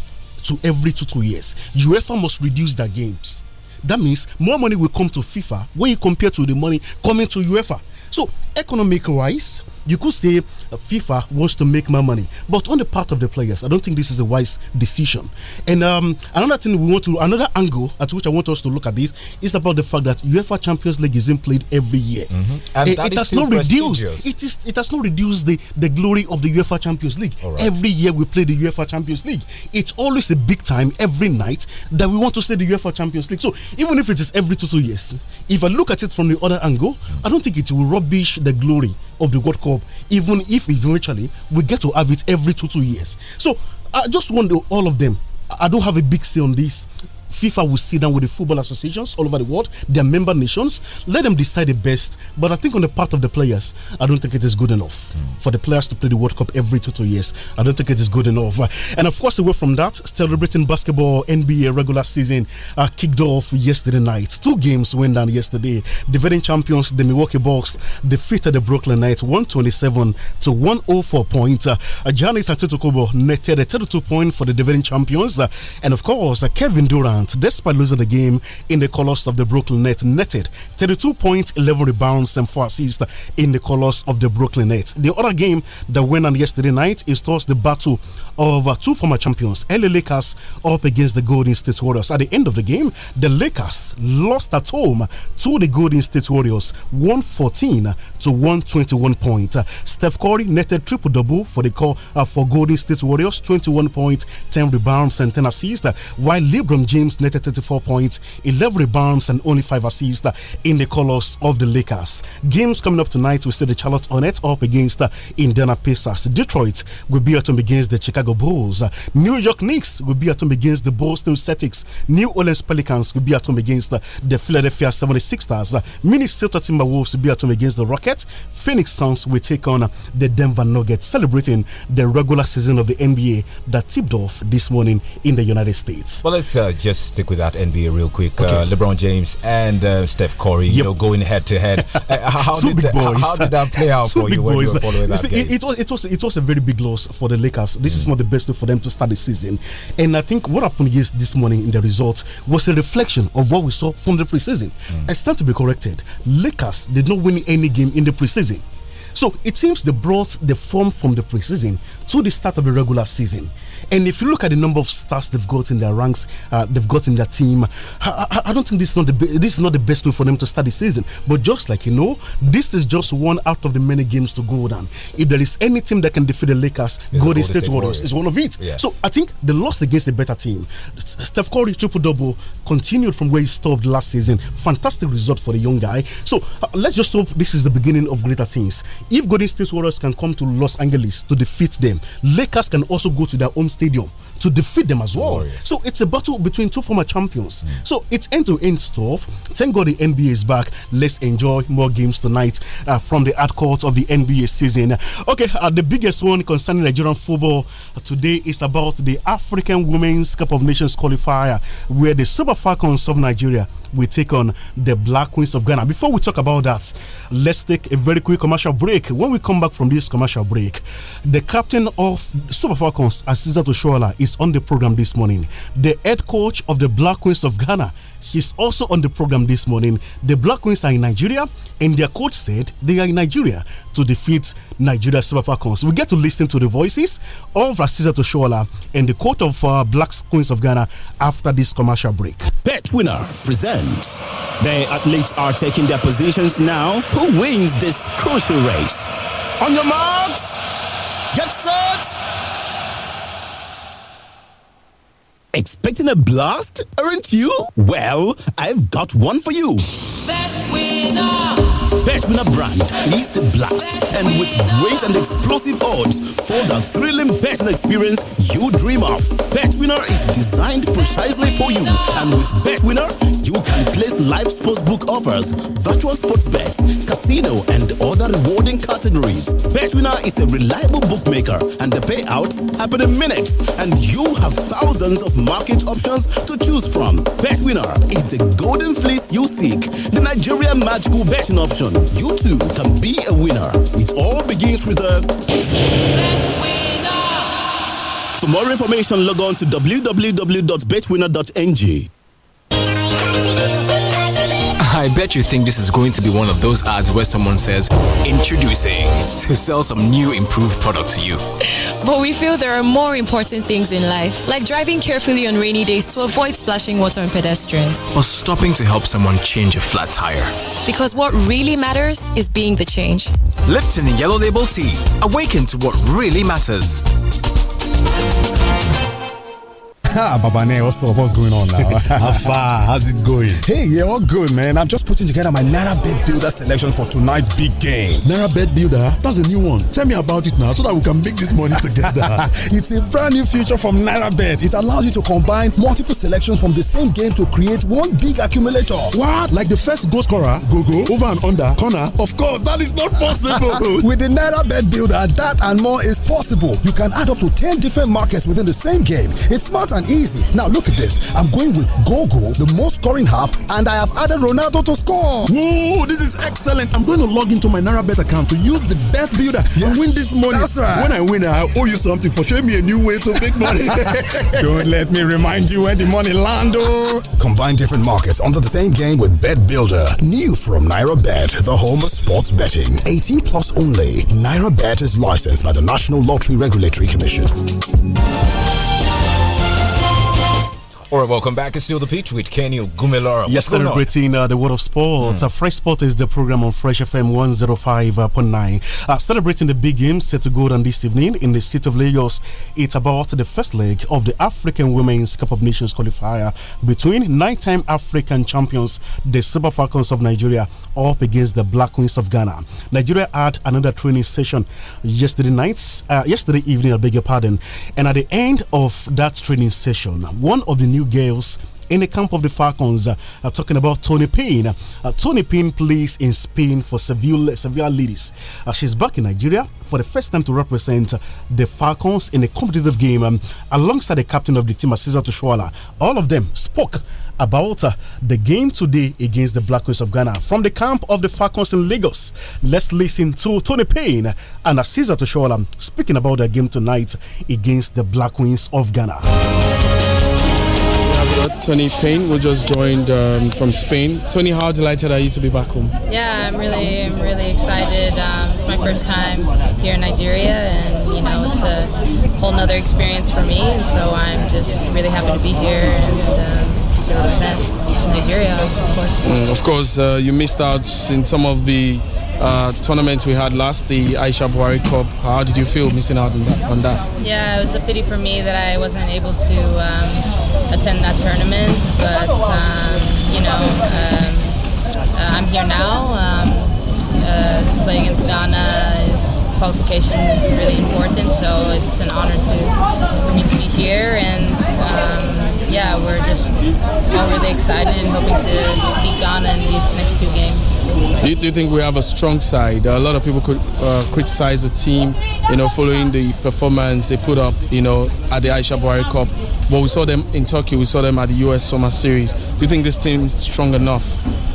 to every two, two years, UEFA must reduce their games that means more money will come to FIFA when you compare to the money coming to UEFA. So economic wise you could say FIFA wants to make more money, but on the part of the players, I don't think this is a wise decision. And um, another thing we want to, another angle at which I want us to look at this is about the fact that UEFA Champions League isn't played every year. Mm -hmm. And it, has not reduced. It is. It has not reduced the the glory of the UEFA Champions League. Right. Every year we play the UEFA Champions League. It's always a big time every night that we want to see the UEFA Champions League. So even if it is every two two years, if I look at it from the other angle, I don't think it will rubbish the glory of the World Cup, even if eventually we get to have it every two two years. So I just want all of them. I don't have a big say on this. FIFA will sit down with the football associations all over the world, their member nations. Let them decide the best. But I think on the part of the players, I don't think it is good enough mm. for the players to play the World Cup every two, two years. I don't think it is good enough. And of course, away from that, celebrating basketball NBA regular season uh, kicked off yesterday night. Two games went down yesterday. Defending champions, the Milwaukee Bucks, defeated the Brooklyn Nets 127 to 104 points. Uh, Giannis Antetokounmpo netted a 32 point for the defending champions. Uh, and of course, uh, Kevin Durant despite losing the game in the colors of the Brooklyn Nets, netted 32 points, 11 rebounds, and 4 assists in the colors of the Brooklyn Nets. The other game that went on yesterday night is towards the battle of uh, two former champions, LA Lakers, up against the Golden State Warriors. At the end of the game, the Lakers lost at home to the Golden State Warriors 114 to 121 points. Uh, Steph Curry netted triple double for the call uh, for Golden State Warriors 21 points, 10 rebounds, and 10 assists, uh, while LeBron James games, netted 34 points, 11 rebounds, and only 5 assists in the colors of the Lakers. Games coming up tonight, we see the Charlotte Hornets up against uh, Indiana Pacers. Detroit will be at home against the Chicago Bulls. New York Knicks will be at home against the Boston Celtics. New Orleans Pelicans will be at home against uh, the Philadelphia 76ers. Minnesota Timberwolves will be at home against the Rockets. Phoenix Suns will take on uh, the Denver Nuggets, celebrating the regular season of the NBA that tipped off this morning in the United States. Well, let's uh, just stick with that NBA real quick. Okay. Uh, LeBron James and uh, Steph Curry, yep. you know, going head to head. Uh, how, did that, how did that play out for you when boys. you were following that see, game? It, it, was it was it was a very big loss for the Lakers. This mm. is not the best way for them to start the season. And I think what happened yes this morning in the results was a reflection of what we saw from the preseason. Mm. I stand to be corrected. Lakers did not win any game in the preseason. So it seems they brought the form from the preseason to the start of the regular season. And if you look at the number of stars they've got in their ranks, uh, they've got in their team, I, I, I don't think this is not the this is not the best way for them to start the season. But just like you know, this is just one out of the many games to go down. If there is any team that can defeat the Lakers, Golden State, State Warriors is one of it. So I think the loss against a better team. Steph Curry triple double continued from where he stopped last season. Fantastic result for the young guy. So uh, let's just hope this is the beginning of greater things. If Golden State Warriors can come to Los Angeles to defeat them, Lakers can also go to their own. tidyon. to defeat them as well. Oh, yes. So it's a battle between two former champions. Mm. So it's end to end stuff. Thank God the NBA is back. Let's enjoy more games tonight uh, from the ad court of the NBA season. Okay, uh, the biggest one concerning Nigerian football today is about the African Women's Cup of Nations qualifier, where the Super Falcons of Nigeria will take on the Black Queens of Ghana. Before we talk about that, let's take a very quick commercial break. When we come back from this commercial break, the captain of Super Falcons, Aziza Toshola, is is on the program this morning. The head coach of the Black Queens of Ghana she's also on the program this morning. The Black Queens are in Nigeria, and their coach said they are in Nigeria to defeat Nigeria Super Falcons. We get to listen to the voices of Rasisa Toshola and the coach of uh, Black Queens of Ghana after this commercial break. Bet winner presents. The athletes are taking their positions now. Who wins this crucial race? On your marks, get set. Expecting a blast, aren't you? Well, I've got one for you. Bet winner brand, the Blast. And with great and explosive odds for the thrilling betting experience you dream of. Betwinner winner is designed precisely for you. And with Betwinner, winner, you can place live sportsbook offers, virtual sports bets, casino, and other rewarding categories. Betwinner winner is a reliable bookmaker, and the payouts happen in minutes. And you have thousands of market options to choose from. Betwinner winner is the golden fleece you seek, the Nigeria magical betting option you too can be a winner. It all begins with a. Let's win! For more information, log on to www.betwinner.ng. I bet you think this is going to be one of those ads where someone says, Introducing to sell some new improved product to you. But we feel there are more important things in life, like driving carefully on rainy days to avoid splashing water on pedestrians, or stopping to help someone change a flat tire. Because what really matters is being the change. Lipton Yellow Label Tea. Awaken to what really matters. Ah, Babane, what's up? What's going on now? How far? How's it going? Hey, yeah, all good, man. I'm just putting together my Naira Bed Builder selection for tonight's big game. Naira Bed Builder? That's a new one. Tell me about it now so that we can make this money together. it's a brand new feature from Naira Bet. It allows you to combine multiple selections from the same game to create one big accumulator. What? Like the first goal scorer, go go, over and under, corner? Of course, that is not possible. With the Naira Bet Builder, that and more is possible. You can add up to 10 different markets within the same game. It's smart and and easy. Now look at this. I'm going with Gogo, the most scoring half, and I have added Ronaldo to score. Whoa, this is excellent. I'm going to log into my NaraBet account to use the bet builder yeah. and win this money. That's right. When I win, I owe you something for showing me a new way to make money. Don't let me remind you where the money lando. Oh. Combine different markets onto the same game with Bet Builder. New from NaraBet, the home of sports betting. 18 plus only. NaraBet is licensed by the National Lottery Regulatory Commission. All right, welcome back. It's still the pitch with Kenny Gumelara. Yes, celebrating uh, the world of sport. Mm. Uh, Fresh Sport is the program on Fresh FM 105.9. Uh, celebrating the big game set to go on this evening in the city of Lagos. It's about the first leg of the African Women's Cup of Nations qualifier between nine time African champions, the Super Falcons of Nigeria, up against the Black Queens of Ghana. Nigeria had another training session yesterday night, uh, yesterday evening, I beg your pardon. And at the end of that training session, one of the new New Gales in the camp of the Falcons uh, uh, talking about Tony Payne. Uh, Tony Payne plays in Spain for Sevilla, Sevilla Ladies. Uh, she's back in Nigeria for the first time to represent uh, the Falcons in a competitive game um, alongside the captain of the team, Cesar Tushwala. All of them spoke about uh, the game today against the Black Queens of Ghana. From the camp of the Falcons in Lagos, let's listen to Tony Payne and Asisa Toshola speaking about the game tonight against the Black Queens of Ghana. Tony Payne, who just joined um, from Spain. Tony, how delighted are you to be back home? Yeah, I'm really, I'm really excited. Um, it's my first time here in Nigeria, and you know, it's a whole nother experience for me. And so I'm just really happy to be here and uh, to represent Nigeria, of course. Mm, of course, uh, you missed out in some of the uh, tournament we had last, the Aisha Buhari Cup. How did you feel missing out on that? On that? Yeah, it was a pity for me that I wasn't able to um, attend that tournament. But um, you know, um, uh, I'm here now um, uh, to play against Ghana. Qualification is really important, so it's an honor to for me to be here and. Um, yeah, we're just all really excited and hoping to beat Ghana in these next two games. Do you, do you think we have a strong side? A lot of people could uh, criticize the team, you know, following the performance they put up, you know, at the Aisha Bari Cup. But we saw them in Turkey, we saw them at the US Summer Series. Do you think this team is strong enough,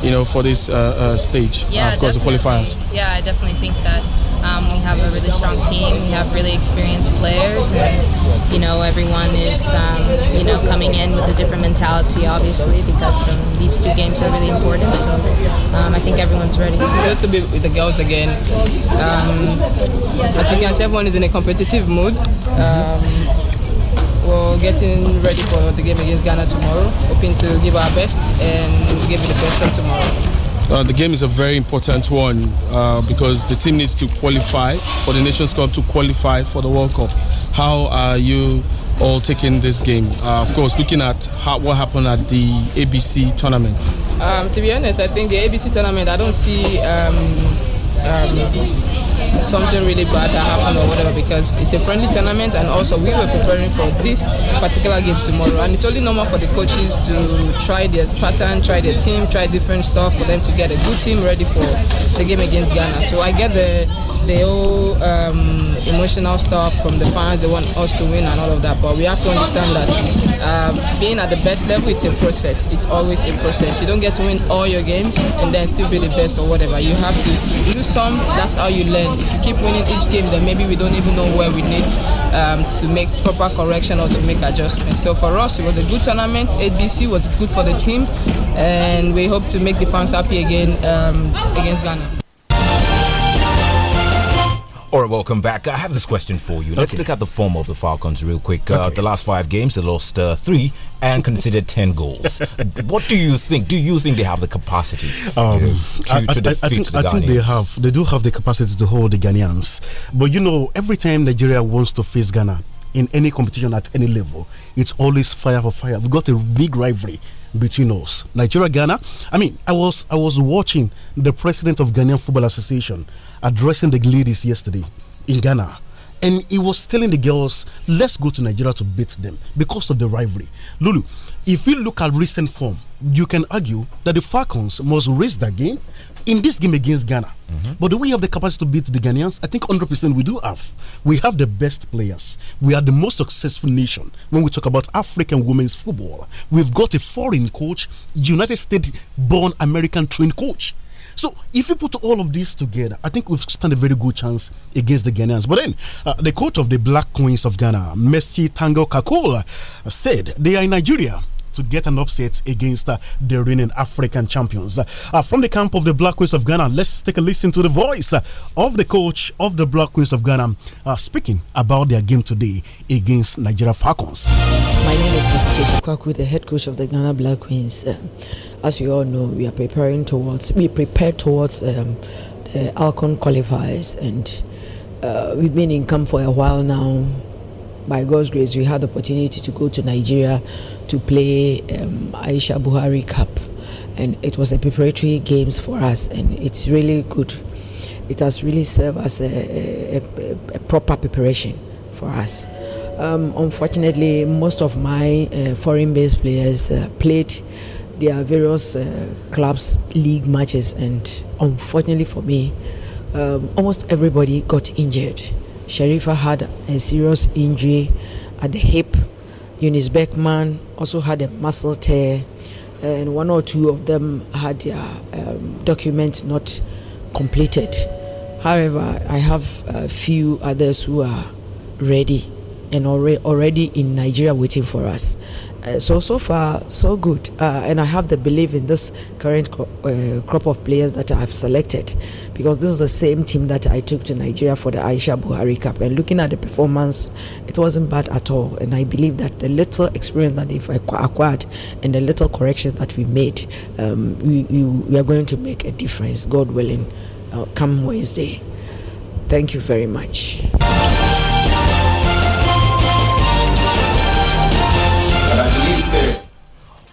you know, for this uh, uh, stage? Yeah, of course, the qualifiers. Yeah, I definitely think that. Um, we have a really strong team. We have really experienced players, and you know everyone is um, you know coming in in with a different mentality, obviously, because um, these two games are really important. So um, I think everyone's ready. Good to be with the girls again. Um, as you can see, everyone is in a competitive mood. Um, we're getting ready for the game against Ghana tomorrow, hoping to give our best and give it the best shot tomorrow. Uh, the game is a very important one uh, because the team needs to qualify for the Nations Cup to qualify for the World Cup. How are you all taking this game? Uh, of course, looking at how, what happened at the ABC tournament. Um, to be honest, I think the ABC tournament, I don't see. Um, um, something really bad that happened or whatever because it's a friendly tournament and also we were preparing for this particular game tomorrow and it's only normal for the coaches to try their pattern, try their team, try different stuff for them to get a good team ready for the game against Ghana. So I get the the whole um, emotional stuff from the fans. They want us to win and all of that. But we have to understand that um, being at the best level, it's a process. It's always a process. You don't get to win all your games and then still be the best or whatever. You have to lose some. That's how you learn if you keep winning each game, then maybe we don't even know where we need um, to make proper correction or to make adjustments. So for us, it was a good tournament. ABC was good for the team, and we hope to make the fans happy again um, against Ghana. All right, welcome back. I have this question for you. Let's okay. look at the form of the Falcons real quick. Uh, okay. the last five games, they lost uh, three and conceded 10 goals. what do you think? Do you think they have the capacity um, to, I, defeat I, think, the I think they have. They do have the capacity to hold the Ghanaians. But you know, every time Nigeria wants to face Ghana in any competition at any level, it's always fire for fire. We've got a big rivalry between us, Nigeria, Ghana. I mean, I was I was watching the president of Ghanaian Football Association addressing the ladies yesterday in Ghana and he was telling the girls, let's go to Nigeria to beat them because of the rivalry. Lulu, if you look at recent form, you can argue that the Falcons must raise their game in this game against Ghana. Mm -hmm. But do we have the capacity to beat the Ghanaians? I think 100% we do have. We have the best players. We are the most successful nation when we talk about African women's football. We've got a foreign coach, United States born American trained coach so if you put all of this together, I think we've stand a very good chance against the Ghanaians. But then uh, the coach of the Black Queens of Ghana, Messi Tango Kakola, said they are in Nigeria to get an upset against uh, the reigning African champions. Uh, from the camp of the Black Queens of Ghana, let's take a listen to the voice uh, of the coach of the Black Queens of Ghana uh, speaking about their game today against Nigeria Falcons. My name is Mr. Kwaku, the head coach of the Ghana Black Queens. Uh, as we all know, we are preparing towards, we prepare towards um, the Alcon qualifiers, and uh, we've been in camp for a while now. By God's grace, we had the opportunity to go to Nigeria to play um, Aisha Buhari Cup, and it was a preparatory games for us, and it's really good. It has really served as a, a, a proper preparation for us. Um, unfortunately, most of my uh, foreign-based players uh, played there are various uh, clubs league matches and unfortunately for me um, almost everybody got injured sharifa had a serious injury at the hip eunice beckman also had a muscle tear and one or two of them had their um, documents not completed however i have a few others who are ready and already in nigeria waiting for us uh, so so far so good, uh, and I have the belief in this current cro- uh, crop of players that I've selected, because this is the same team that I took to Nigeria for the Aisha Buhari Cup. And looking at the performance, it wasn't bad at all. And I believe that the little experience that they've acquired and the little corrections that we made, um, we, we, we, are going to make a difference, God willing, uh, come Wednesday. Thank you very much.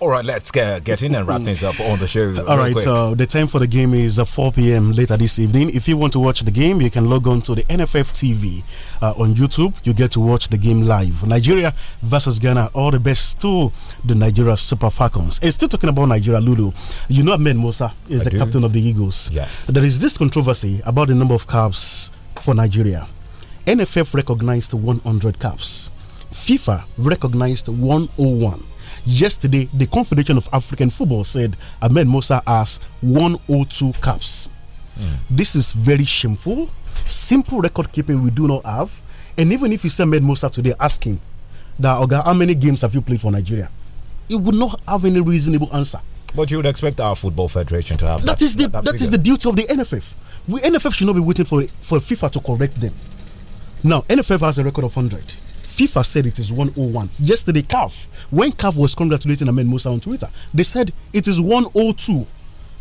All right, let's get get in and wrap things up on the show. All right, so uh, the time for the game is uh, 4 p.m. later this evening. If you want to watch the game, you can log on to the NFF TV uh, on YouTube. You get to watch the game live. Nigeria versus Ghana, all the best to the Nigeria Super Falcons. And still talking about Nigeria, Lulu. You know Ahmed Musa is I the do. captain of the Eagles. Yes. There is this controversy about the number of caps for Nigeria. NFF recognized 100 caps. FIFA recognized 101. Yesterday, the Confederation of African Football said Ahmed Musa has 102 caps. Mm. This is very shameful. Simple record keeping we do not have. And even if you send Ahmed Musa today, asking, that, Oga, how many games have you played for Nigeria? He would not have any reasonable answer. But you would expect our football federation to have that. that is the that, that is the duty of the NFF. We NFF should not be waiting for for FIFA to correct them. Now NFF has a record of hundred. FIFA said it is 101. Yesterday, CAF, when CAF was congratulating Ahmed Musa on Twitter, they said it is 102.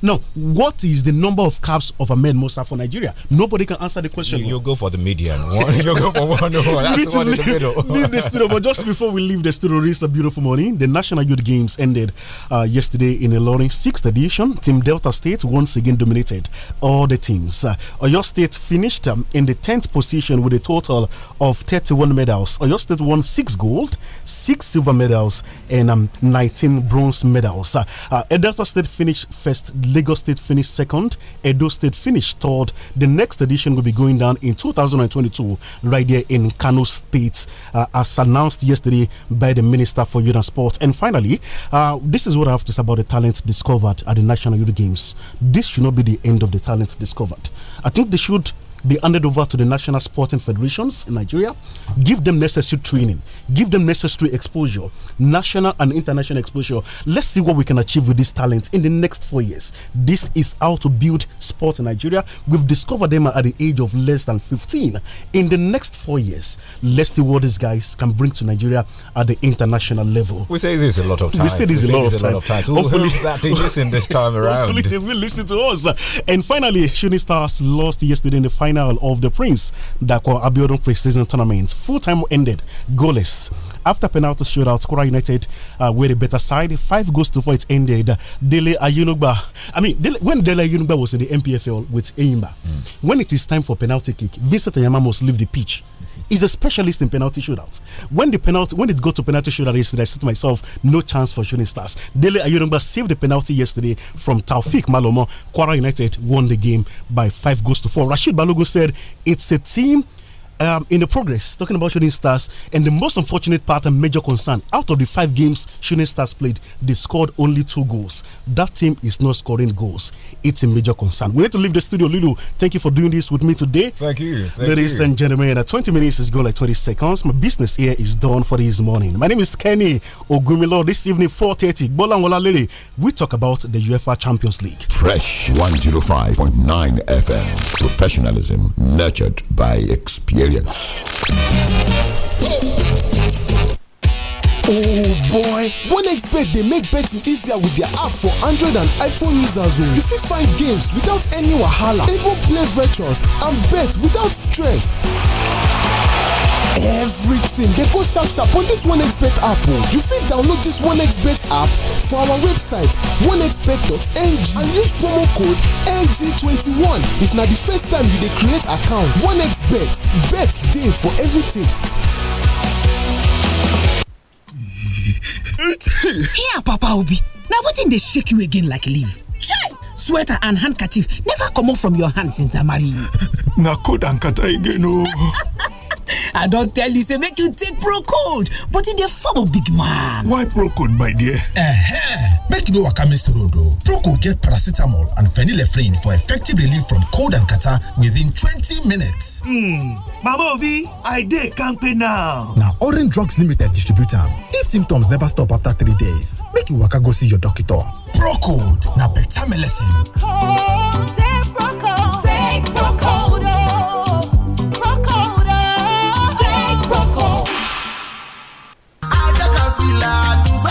Now, what is the number of caps of a Ahmed Musa for Nigeria? Nobody can answer the question. You, you go for the median. you go for one. No, oh, that's the one in the middle. leave the studio. But just before we leave the studio, it's a beautiful morning. The National Youth Games ended uh, yesterday in a Ilorin, sixth edition. Team Delta State once again dominated all the teams. Uh, Oyo State finished um, in the tenth position with a total of 31 medals. Oyo State won six gold, six silver medals, and um, 19 bronze medals. Uh, uh, Delta State finished first Lagos State finished second, Edo State finished third. The next edition will be going down in 2022, right there in Kano State, uh, as announced yesterday by the Minister for Youth and Sports. And finally, uh, this is what I have to say about the talents discovered at the National Youth Games. This should not be the end of the talents discovered. I think they should be handed over to the national sporting federations in Nigeria, give them necessary training, give them necessary exposure, national and international exposure. Let's see what we can achieve with this talent in the next four years. This is how to build sport in Nigeria. We've discovered them at the age of less than 15. In the next four years, let's see what these guys can bring to Nigeria at the international level. We say this a lot of times. We say this, we say a, lot this a, lot of times. hopefully, that they listen this time around. Hopefully, they will listen to us. And finally, Shooting Stars lost yesterday in the final final of the Prince Dakwa Abiodun preseason tournament. Full time ended goalless. After penalty shootout, Kora United uh, were the better side. Five goals to four, it ended. Dele Ayunugba. I mean, Dele, when Dele Ayunugba was in the MPFL with Eimba, mm. when it is time for penalty kick, Vincent Ayama must leave the pitch is a specialist in penalty shootouts. When the penalty, when it got to penalty shootout yesterday, I said to myself, no chance for shooting stars. Dele Ayurumba saved the penalty yesterday from Taufik Malomo. Quara United won the game by five goals to four. Rashid Balogun said, it's a team um, in the progress, talking about shooting stars, and the most unfortunate part and major concern out of the five games shooting stars played, they scored only two goals. That team is not scoring goals. It's a major concern. We need to leave the studio, Lulu. Thank you for doing this with me today. Thank you, Thank ladies you. and gentlemen. 20 minutes is gone like 20 seconds. My business here is done for this morning. My name is Kenny Ogumilo. This evening, 4:30, Bolangola Lily. We talk about the UEFA Champions League. Fresh 105.9 FM. Professionalism nurtured by experience. radio. Oh boy! OneXBet dey make betting easier with their app for Android and iPhone users o. Oh. You fit find games without any wahala, even play virtuals and bet without stress. everything they go sharp sharp on this onexbet app oh, you fit download one onexbet app for our website onexbet.ng and use promo code ng21 if not the first time you they create account onexbet bet day for every taste. here papa obi what wetin they shake you again like leaf chai sweater and handkerchief never come off from your hands since i married. you na cold and kata again o oh. i don't tell you say make you take Procode, but e dey form of big man why Procode, my dear eh make you no waka miss road o pro get paracetamol and phenylephrine for effective relief from cold and catarrh within 20 minutes hmm mama Ovi, i dey campaign now Now orange drugs limited Distributor. if symptoms never stop after three days make you waka go see your doctor Procode, now na beta melecine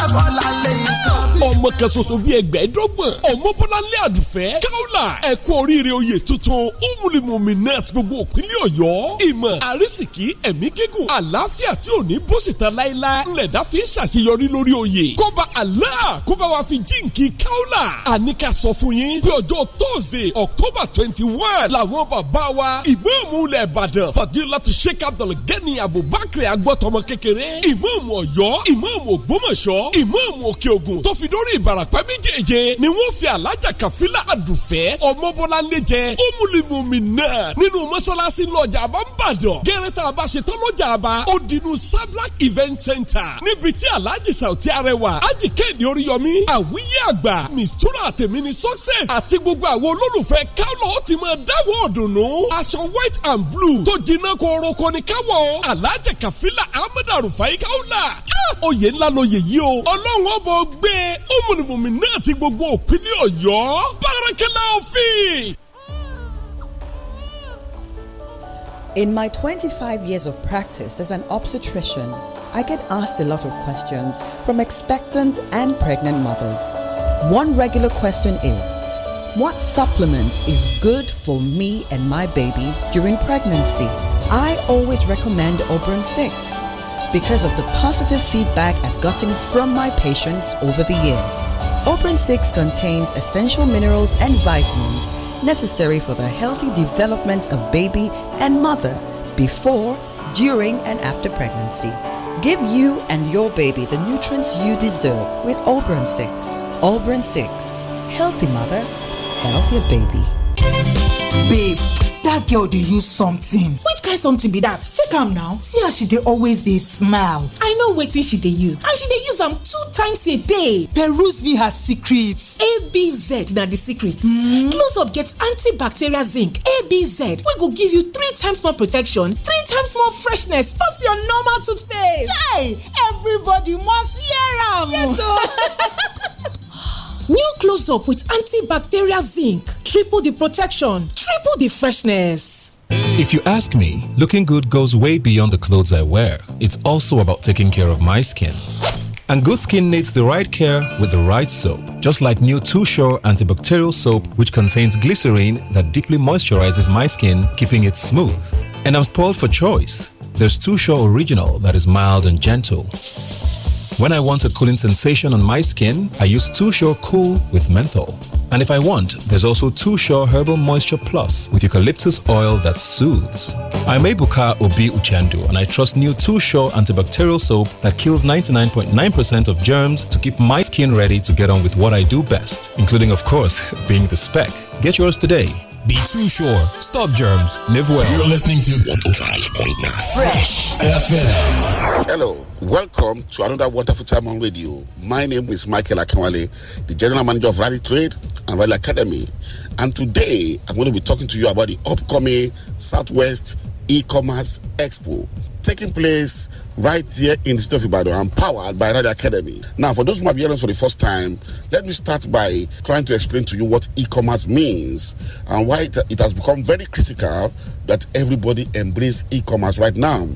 forever like ọmọ kan ṣoṣo bíi ẹgbẹ̀ẹ́dọ́gbọ̀n ọmọbọ́láńlé àdùfẹ́ káwùlà ẹ̀kú oríire oyè tuntun umulimumi net gbogbo òpínlẹ̀ ọ̀yọ́ ìmọ̀ àrísìkí ẹ̀mí gígùn àlàáfíà tí ò ní bó sì tán láéláé ńlẹ̀dá fi ń ṣàṣeyọrí lórí oyè kọ́ba Allah kó bá wa fi jíǹkì káwùlà àníkà sọ fún yín bí ọjọ́ tóòzè October twenty one làwọn bàbá wa ìmáàmù ilẹ̀ Ìbàdàn Fadilatu Sheikh Abdulgani Abubakar agbọ́tọmọ kékeré ìmáàmù Ọ̀yọ́ ìmáàmù Ògbómọ̀ṣọ́ ìmáàmù Òkè Ògùn tó fi dórí lórí ìbàràpá méjèèje ni wọ́n fi alájà kàfílà àdùfẹ́ ọmọbọ́láńdé jẹ ómùlímùmí náà nínú mọ́ṣáláṣí lọ́jà àbá ń bàdàn gẹ́rẹ́tà àbá ṣetán lọ́jà àbá ó sablak event center níbi tí alájì sàùtí arẹwà ájì kéde oríyọmí àwíyé àgbà mistura àtẹ̀mí ni success àti gbogbo àwọn olólùfẹ́ kálọ̀ ti máa dáwọ́ ọ̀dùnnú aṣọ white and blue tó jiná koroko ni káwọ̀ alájà kàfílà ahmed arufai káwọ́là ah, oyè ńlá lóye yìí o ọlọ́run náà ti gbogbo ọ̀yọ́ bárakẹ́lá òfin. In my 25 years of practice as an obstetrician, I get asked a lot of questions from expectant and pregnant mothers. One regular question is What supplement is good for me and my baby during pregnancy? I always recommend Oberon 6 because of the positive feedback I've gotten from my patients over the years. Operin 6 contains essential minerals and vitamins necessary for the healthy development of baby and mother before, during, and after pregnancy. Give you and your baby the nutrients you deserve with Oberon 6. Oberon 6. Healthy mother, healthier baby. Beep. That girl dey use something which kind something be that? check am now see as she dey always dey smile i know wetin she dey use and she dey use am two times a day peruse be her secret abz na the secret hmm? close up get antibacterial zinc abz wey go give you three times more protection three times more freshness pass your normal toothpaste. chai everybody must hear am yes o New close up with antibacterial zinc. Triple the protection, triple the freshness. If you ask me, looking good goes way beyond the clothes I wear. It's also about taking care of my skin. And good skin needs the right care with the right soap. Just like new Too Sure antibacterial soap, which contains glycerine that deeply moisturizes my skin, keeping it smooth. And I'm spoiled for choice. There's Too Sure Original that is mild and gentle when I want a cooling sensation on my skin, I use Too Sure Cool with menthol. And if I want, there's also Too Sure Herbal Moisture Plus with eucalyptus oil that soothes. I'm Ebuka Obi uchendo, and I trust new Too Sure antibacterial soap that kills 99.9% of germs to keep my skin ready to get on with what I do best, including, of course, being the spec. Get yours today be too sure. Stop germs. Live well. You're listening to 105.9 Fresh FM. Hello. Welcome to another wonderful time on radio. My name is Michael Akinwale, the General Manager of Rally Trade and Rally Academy. And today, I'm going to be talking to you about the upcoming Southwest E-Commerce Expo taking place right here in the state of Ibadan and powered by Radio Academy. Now, for those who might be hearing for the first time, let me start by trying to explain to you what e-commerce means and why it, it has become very critical that everybody embrace e-commerce right now.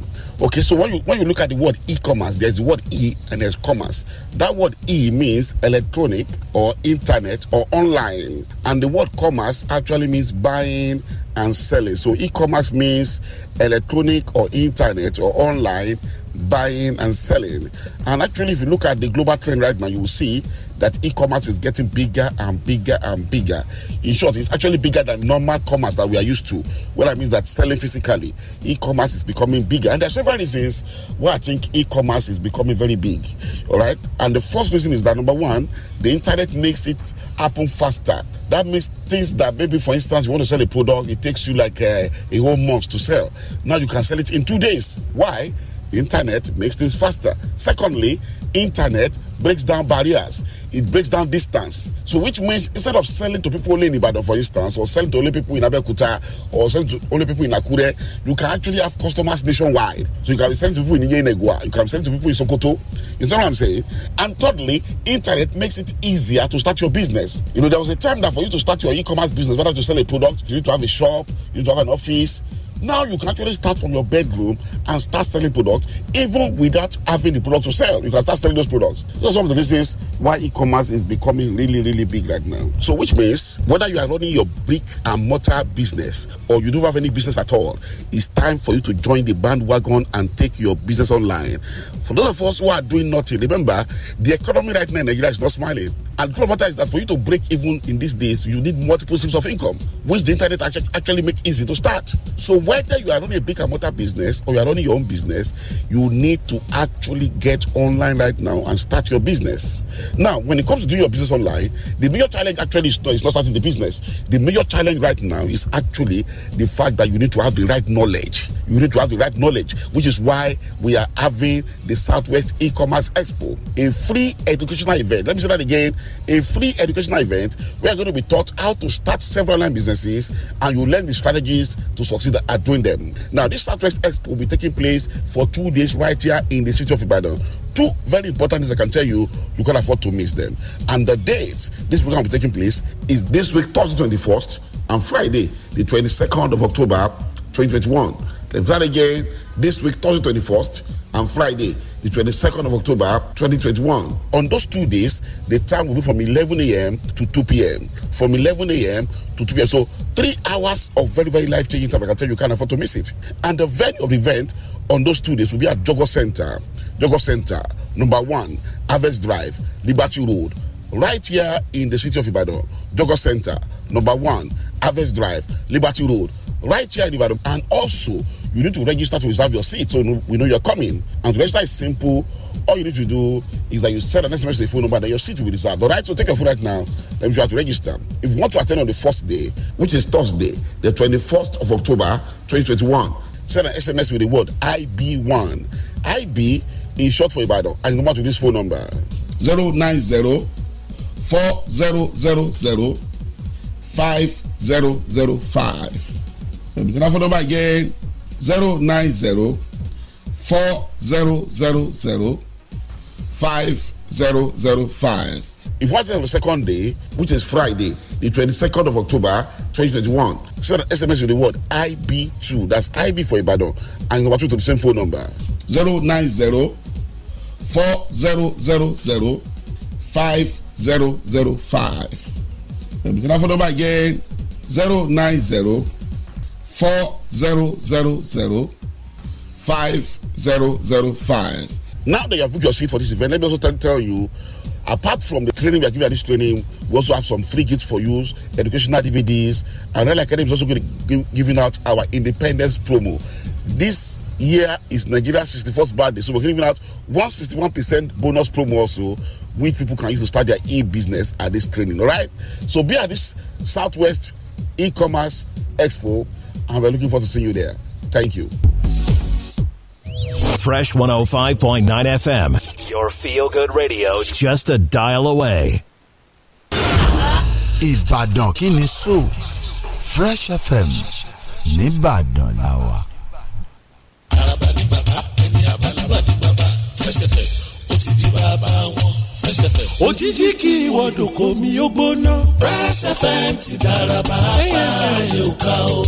Okay, so when you when you look at the word e-commerce, there's the word e and there's commerce. That word e means electronic or internet or online, and the word commerce actually means buying and selling. So e-commerce means electronic or internet or online buying and selling. And actually, if you look at the global trend right now, you will see that e-commerce is getting bigger and bigger and bigger. In short, it's actually bigger than normal commerce that we are used to. Well, I mean that selling physically, e-commerce is becoming bigger, and there are several reasons why I think e-commerce is becoming very big. All right, and the first reason is that number one, the internet makes it happen faster. That means things that maybe, for instance, you want to sell a product, it takes you like a, uh, a whole month to sell. Now you can sell it in two days. Why? The internet makes things faster. Secondly, internet breaks down barriers, it breaks down distance. So, which means instead of selling to people only in Ibadan, for instance, or selling to only people in Abeokuta, or selling to only people in Akure, you can actually have customers nationwide. So, you can be selling to people in Yenegua, you can sell to people in Sokoto. You know what I'm saying? And thirdly, internet makes it easier to start your business. You know, there was a time that for you to start your e commerce business, whether to sell a product, you need to have a shop, you need to have an office, now you can actually start from your bedroom and start selling products even without having the product to sell. You can start selling those products. That's one of the reasons why e-commerce is becoming really, really big right now. So which means whether you are running your brick and mortar business or you don't have any business at all, it's time for you to join the bandwagon and take your business online. For those of us who are doing nothing, remember the economy right now in Nigeria is not smiling. And the problem is that for you to break even in these days, you need multiple streams of income, which the internet actually make easy to start. So when whether you are running a brick and mortar business or you are running your own business, you need to actually get online right now and start your business. Now, when it comes to doing your business online, the major challenge actually is not, is not starting the business. The major challenge right now is actually the fact that you need to have the right knowledge. You need to have the right knowledge, which is why we are having the Southwest e commerce expo, a free educational event. Let me say that again a free educational event. We are going to be taught how to start several online businesses and you learn the strategies to succeed at doing them. Now, this Star Trek Expo will be taking place for two days right here in the city of Ibadan. Two very important things I can tell you, you can not afford to miss them. And the date this program will be taking place is this week, Thursday 21st, and Friday, the 22nd of October 2021. Then again, this week, Thursday 21st, and Friday, the 22nd of October 2021. On those two days, the time will be from 11 a.m. to 2 p.m. From 11 a.m. to 2 p.m. So three hours of very, very life changing time. I can tell you, you can't afford to miss it. And the venue of the event on those two days will be at Jogo Center. Jogo Center, number one, Aves Drive, Liberty Road. Right here in the city of Ibadan, Jogo Center, number one, Aves Drive, Liberty Road right here in Ibadan. And also, you need to register to reserve your seat so we know you're coming. And to register is simple. All you need to do is that you send an SMS to the phone number that your seat will be reserved. All right, so take your phone right now. Then you have to register. If you want to attend on the first day, which is Thursday, the 21st of October, 2021, send an SMS with the word IB1. IB is short for Ibadan. And number to this phone number 090 4000 5005. olùkọ́lá fọ́nọ́mbà jẹ́ zero nine zero four zero zero zero five zero zero five. If what's on the second day, which is Friday, the 22nd of October 2021, send an SMS with the word IB2. That's IB for Ibadan. And number two to the same phone number 090 4000 5005. The phone number again 090 4005 Now that you have booked your seat for this event, let me also tell you apart from the training we are giving at this training, we also have some free gifts for you, educational DVDs, and Royal Academy is also going to be giving out our independence promo. This year is Nigeria's 61st birthday, so we're giving out 161% bonus promo also, which people can use to start their e-business at this training. All right, so be at this Southwest E-commerce Expo and we're looking forward to seeing you there. Thank you. Fresh 105.9 FM, your feel good radio, just a dial away. Ibadan kini so Fresh FM nìbàdàn la wà. Àràbà ni bàbá ẹni àbàlàbà bàbá Fresh FM ó ti di bàbá wọn. fresh fm. òjijì kí ìwọ́dọ̀ kò mí ó gbóná. fresh fm ti dára pàápàá yẹ ò o.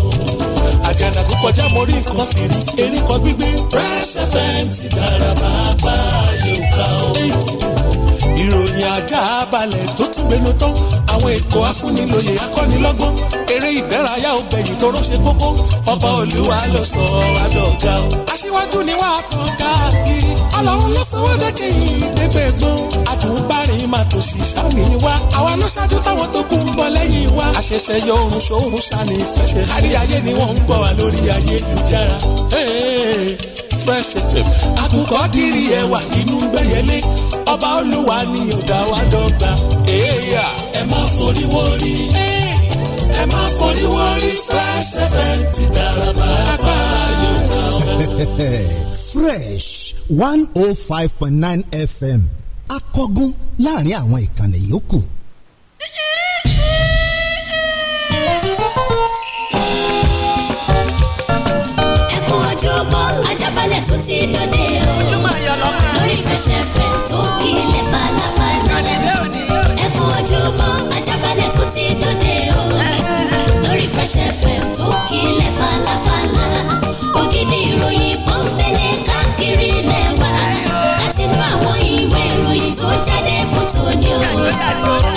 àjànà kó kọjá mo rí nǹkan fìrí erékọ gbígbé. fresh fm ti dára pàápàá yẹ ò o ìròyìn ajá balẹ̀ tó tún gbénu tán àwọn ètò afúnilòyè akọ́nilọ́gbọ́n eré ìdárayá obìnrin tó rọ́ṣẹ́ kókó ọba olúwa ló sọ adọ́gà o. aṣíwájú ni wàá kàn káàkiri ọlọ́run ló sọ wọ́n dẹ́kẹ́ yìí dẹ́gbẹ́ gbọ́n àtúbárin máa tò sí sáni wa àwa ló ṣáájú táwọn tó kù ń bọ̀ lẹ́yìn wa. àṣẹ̀ṣẹ̀ yọ oorun ṣòun ṣàní ìfẹsẹ̀ kárí ayé ni wọ́n ń gbọ́ wa lórí ayélujára fresh fm àkùkọ dírí ẹwà inú gbẹ̀yẹlé ọba olúwa ni ó dá wa dọ́gba. ẹ má forí wọrí ẹ má forí wọrí fresh fm ti dára pàápàá yóò kàn án. fresh one oh five point nine fm akọgun láàrin àwọn ìkànnì yòókù. rẹ̀ tó ti dòde o. lórí fẹsẹ̀fẹ̀ tó kílẹ̀ falafala. ẹ kú ojúmọ́ ajábalẹ̀ tó ti dòde o. lórí fẹsẹ̀fẹ̀ tó kílẹ̀ falafala. ògidì ìròyìn pọ́npẹ́lẹ́ káàkiri lẹ́wà. látinú àwọn ìwé ìròyìn tó jáde fún tòní o.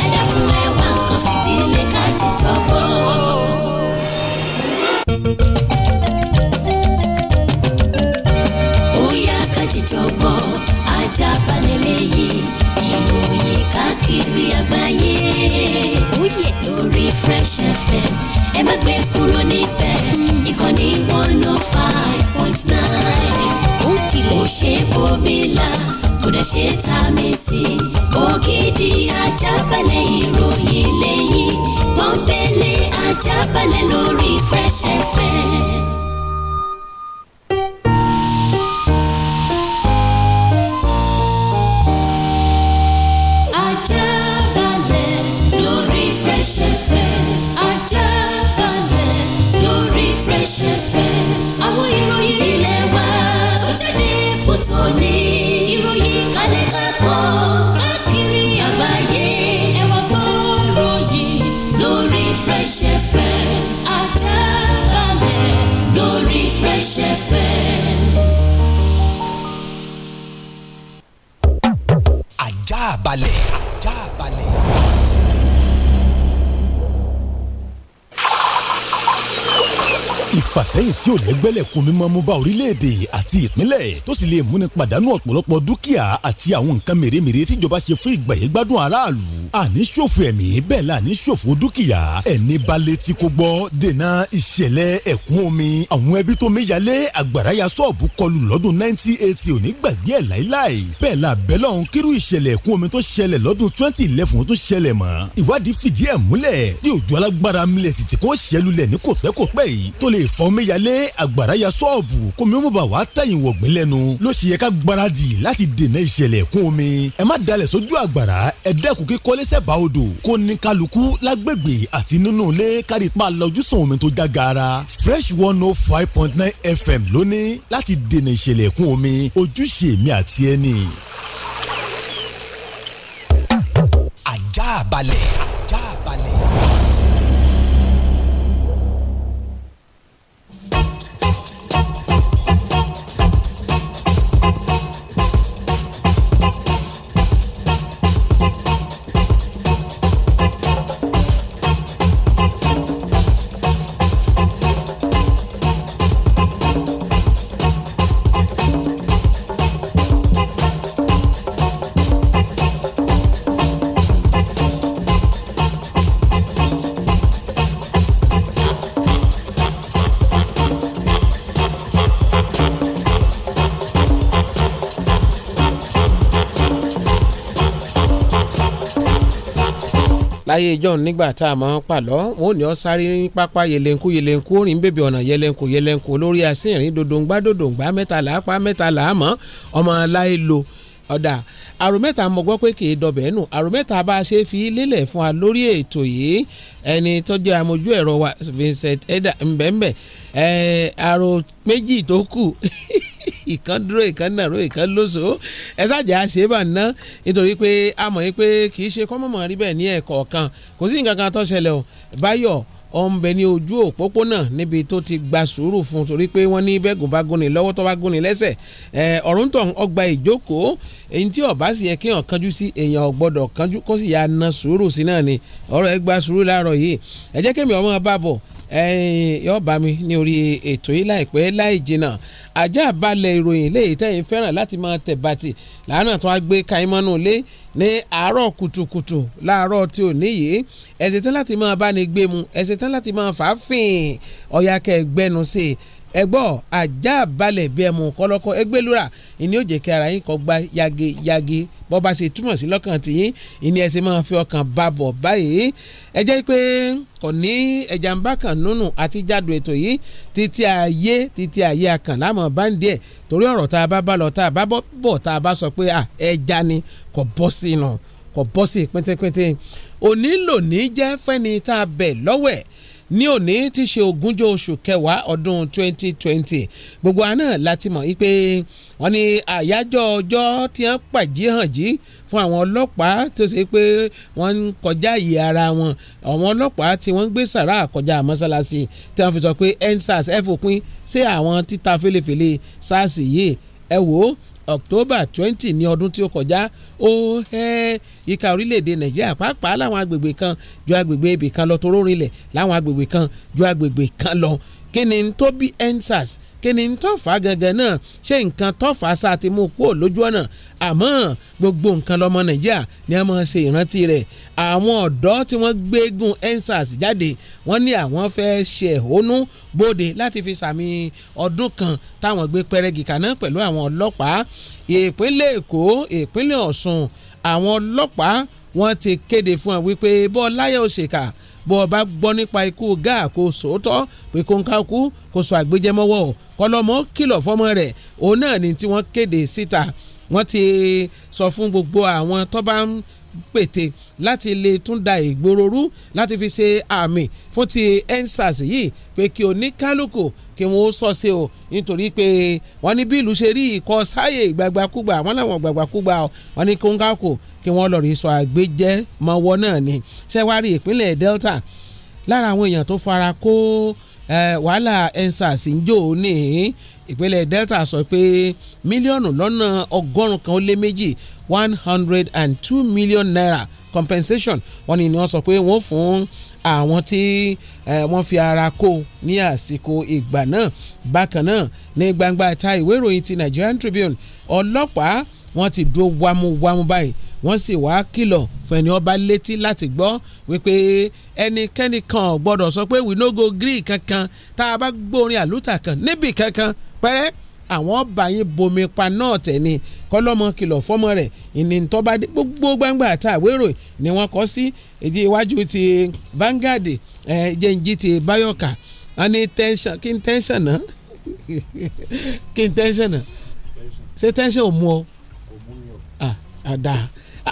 dọ́gbọ́n Ajaabale lẹ́yìn ìròyìn káàkiri àgbáyé. Oh lórí Fresh FM ẹ má gbé kúrò níbẹ̀ ìkànnì one oh five point nine. Ó kìlọ̀ ṣe bòmílà kò dẹ̀ ṣe tá a mi sí. Ògidì Ajaabale ìròyìn lẹ́yìn pọ́npẹ́lẹ́ Ajaabale lórí Fresh FM. àtìlẹ́yìn tí ò lẹ́gbẹ́lẹ̀kùn mímọ́ mú bá orílẹ̀-èdè àti ìpínlẹ̀ tó sì lè múni pàdánù ọ̀pọ̀lọpọ̀ dúkìá àti àwọn nǹkan mèremère tíjọba ṣe fún ìgbàyẹ̀gbádùn aráàlú àní ṣòfò ẹ̀mí bẹ́ẹ̀ la ní ṣòfò dúkìá ẹni bá létí kó gbọ́ dènà ìṣẹ̀lẹ̀ ẹ̀kún omi àwọn ẹbí tó méyalé àgbàrá ya sọ́ọ̀bù kọlù lọ́dún 1980 òní gbàgbé ẹ̀ láíláì bẹ́ẹ̀ la bẹ́lọ̀n kírú ìṣẹ̀lẹ̀ ẹ̀kún omi tó ṣẹlẹ̀ lọ́dún 2011 tó ṣẹlẹ̀ mọ́ ìwádìí fìdí ẹ̀ múlẹ̀ bí òjò alágbára milẹ̀ tìtì kó ṣẹlulẹ̀ ní yalé àgbàrá sọ́ọ̀bù kómi ó mú bà wá tẹ̀yìn wọ̀gbìn lẹ́nu ló ṣe yẹ ká gbáradì láti dènà ìṣẹ̀lẹ̀ kún omi ẹ má dalẹ̀ sójú àgbàrá ẹ dẹ́kun kí kọ́lẹ́sẹ̀ bá odò kó ní kálukú lágbègbè àti nínú ilé kárí pa lọ́júsàn omi tó já fresh one oh five point nine fm lónìí láti dènà ìṣẹ̀lẹ̀ kún omi ojúṣe mi àti ẹni. ajá balẹ̀ ajá balẹ̀. láyé john nígbà tá a máa ń pàlọ́ wọn ò ní ọ sáré ní pápá yẹlẹ́nkú yẹlẹ́nkú ó rìn bèbè ọ̀nà yẹlẹ́nkú yẹlẹ́nkú lórí asínrin dodo dòdòǹgbà mẹ́tàlá apá mẹ́tàlá àmọ́ ọmọ ọda lo ọ̀dà àrò mẹ́ta mo gbọ́ pé kì nù a ṣe fi lélẹ̀ fún wa lórí ètò yìí ẹni tó amójú ẹ̀rọ wa Vincent Edda mbẹ́mbẹ́ àrò ìkan dúró ìkan nàró ìkan lóso ẹ ṣáàjà ṣe é bà ná nítorí pé a mọ̀ yín pé kì í ṣe kọ́mọ̀mọ̀ rí bẹ́ẹ̀ ní ẹ̀kọ́ kan kò sí nǹkan kan tó ṣẹlẹ̀ o báyọ̀ ọ̀nbẹ ní ojú òpópónà níbi tó ti gba sùúrù fún torí pé wọ́n ní bẹ́gùn bá gúnni lọ́wọ́ tó bá gúnni lẹ́sẹ̀ ọ̀run tó ń ọgbà ìjókòó èyí tí ọ̀bá sì yẹ kéèyàn kanjú sí èèyàn ọ̀gbọ́dọ̀ kanjú kó sì yà na sùúrù sí náà ni ọ̀rọ̀ ẹ gba sùúrù láàárọ̀ yìí ẹ jẹ́ kémi ọmọ bá bọ̀ yóò bá mi ní orí ètò yìí láìpẹ́ láì jìnnà ajá balẹ̀ ìròyìn léyìí tẹ́yìn fẹ́ràn láti máa tẹ̀ bàtì làánà tó a gbé kaimọ́nù lé ní àárọ̀ kùtùkùtù láàárọ̀ tí ò níyì ẹ̀sìn tán láti máa bá ní gbé mu ẹ̀sìn tán láti máa fà á fìn ọ̀yà sí i ẹgbọ́ ajá balẹ̀ bí ẹmu kọ́lọ́kọ́ ẹgbẹ́lúra ìní ó jẹ́ kí ara yín kọ́ gba yage yage bọ́ bá ṣe túmọ̀ sí lọ́kàn tìyín ìní ẹsẹ̀ máa fi ọkàn bá bọ̀ báyìí ẹ jẹ́ pé kò ní ẹ̀jà ń bá kàn nùnù àti jáde ètò yìí títí ayé títí ayé akàn lámọ̀ bá ń díẹ̀ torí ọ̀rọ̀ tá a bá bá lọ tá a bá bọ̀ tá a bá sọ pé ẹja ni kò bọ́ sí nù kò bọ́ sí pétépété òní lòní jẹ́ fẹ́ni tá a bẹ̀ lọ́wẹ̀ ní òní ti ṣe ogúnjọ́ oṣù kẹwàá ọdún 2020 gbogbo àná láti mọ̀ wípé wọ́n ní àyájọ́ ọjọ́ tí wọ́n pàjé hàn jí fún àwọn ọlọ́pàá tó ṣe pé wọ́n ń kọjá ìyè ara wọn àwọn ọlọ́pàá tí wọ́n ń gbé sàrà kọjá mọ́sálásí tí wọ́n fi sọ pé endsars ẹ fòpin àwọn títa fèlèfèlè sars yìí ẹ wò ó October twenty ní ọdún tí ó kọjá ó hẹ́ ìka orílẹ̀-èdè Nàìjíríà pàápàá láwọn agbègbè kan ju agbègbè ibì kan lọ tó rórin lẹ̀ láwọn agbègbè kan ju agbègbè kan lọ kí ni tó bí endsars kí ni tó fà á gangan náà ṣé nǹkan tó fà á sá ti mú kúrò lójú ọ̀nà àmọ́ gbogbo nǹkan lọ́mọ nàìjíríà ni a máa ṣe ìrántí rẹ̀ àwọn ọ̀dọ́ tí wọ́n gbégun endsars jáde wọ́n ní àwọn fẹ́ ṣe ẹ̀hónú bóde láti fi sàmì ọdún kan táwọn gbé pẹrẹgì kaná pẹ̀lú àwọn ọlọ́pàá ìpínlẹ̀ èkó ìpínlẹ̀ ọ̀ṣun àwọn ọlọ́pàá wọ́n ti kéde fún ọ wípé bọ́ọ̀láyà òṣèkà bó o bá gbọ́ nípa ikú gáà kó sòótọ́ pé kó ń ká kú kó sọ àgbéjẹmọ́wọ́ kọlọ́mọ́ kìlọ̀ fọ́mọ rẹ̀ òun náà ni tí wọ́n kéde síta wọ́n ti sọ fún gbogbo àwọn tó bá ń pètè láti lè tún da ìgboro rú láti fi ṣe àmì fún ti EndSARS yìí pé kí oníkálukú kí wọn ó sọ́ọ̀ṣe o nítorí pé wọ́n ní bí ìlú ṣe rí ìkọ́ sáyè ìgbàgbàkúgbà wọ́n láwọn ìgbàgbàkúgbà wọ́n ní kóńgákò kí wọ́n lọ rí sọ àgbéjẹ́ mọ́wọ́ náà ni ṣẹ́wárí ìpínlẹ̀ Delta lára àwọn èèyàn tó fara kó wàhálà ensars ń jò ní ìpínlẹ̀ Delta sọ pé mílíọ̀nù lọ́nà ọgọ́rùn-ún kan ó lé méjì one hundred and two million naira compensation wọ́n ní ni wọ́n sọ pé wọ́n fún àwọn tí wọ́n fi ara kó ní àsìkò ìgbà náà bákan náà ní gbangba ta ìwé ìròyìn ti Nigerian Tribune ọlọ́pàá wọ́n ti dúró wámúwámú báyìí wọ́n sì wá kìlọ̀ fún ẹni ọba létí láti gbọ́ wípé ẹnikẹ́ni kan gbọ́dọ̀ sọ pé we no go gree kankan tá a bá gbórin àlùtà kan níbì kankan pẹ́rẹ́ àwọn ọba yín bomi pa náà tẹ̀ni kọ́lọ́mọ kìlọ̀ fọ́mọ rẹ̀ ìní tọ́ba gbogbo gbangba àtàwérò ni wọ́n kọ́ sí èdè iwájú ti Vanguard jẹ́njí ti Bayoka wọ́n ní tẹ́ńsán kí n tẹ́ńsán náà kí n tẹ́ńsán náà ṣé tẹ́ńsán ò mú ọ àdá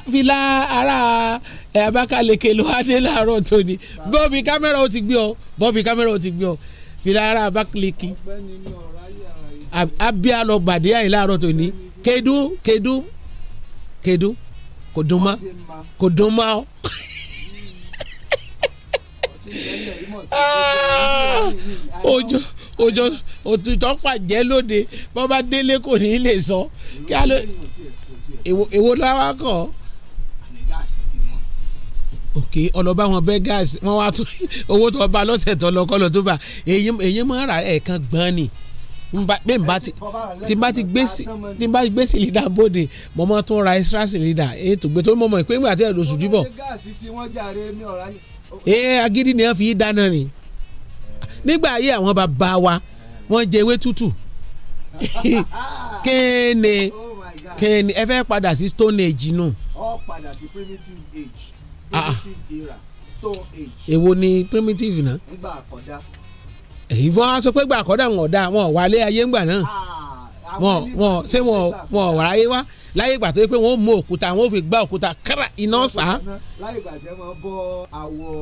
fìlà ara eh, Abakaliki ló wá dé láàárọ̀ tóní bọ́ọ̀bì kámẹ́rà ó ti gbé ọ bọ́ọ̀bì kámẹ́rà ó ti gbé ọ fìlà ara Abakaliki abia lọ gbàdé àyè láàárọ̀ tóní kedu kedu kedu kò dùn mọ́ kò dùn mọ́ ọ. ojo ojo òtítọ́ pàjẹ́ lóde bọ́ bá délé kò ní í lè sọ kí a lọ èwo làwọn kọ́ ọ ok ọlọ́ba wọn bẹ́ gáàsì wọn wá tún owó tó bá lọ́sẹ̀ tó lọ kọ́lọ́ tó bá èyí mọ́ ara ẹ̀ẹ̀kan gan ni pé n bá ti tí n bá ti gbé tí n bá ti gbé sìlídà bóde mo máa tún ra extra sìlídà ètò gbé tó mọ̀ mọ̀ pé nígbà tí ẹ̀ lóṣù dìbọ̀. ee agídí ni wọn fi dáná ni nígbà ayé àwọn bàbá wa wọn jẹ ewé tútù kéènì kéènì oh ẹ fẹ́ padà sí stone age nù. ọ padà sí primitive age primitive era stone age. èwo ni primitive náà. nígbà àkọ́dá. èyí fún wa sọ pé gbà àkọ́dá wọn ọ̀dà wọn wà lé ayé ńgbà náà ah, wọn wọn ṣé wọn wọn wà láyé wá láyé ìgbà tó yẹ pé wọn ò mú òkúta wọn ò fi gbá òkúta kára iná sá. láyé ìgbà tí wọn bọ àwọ̀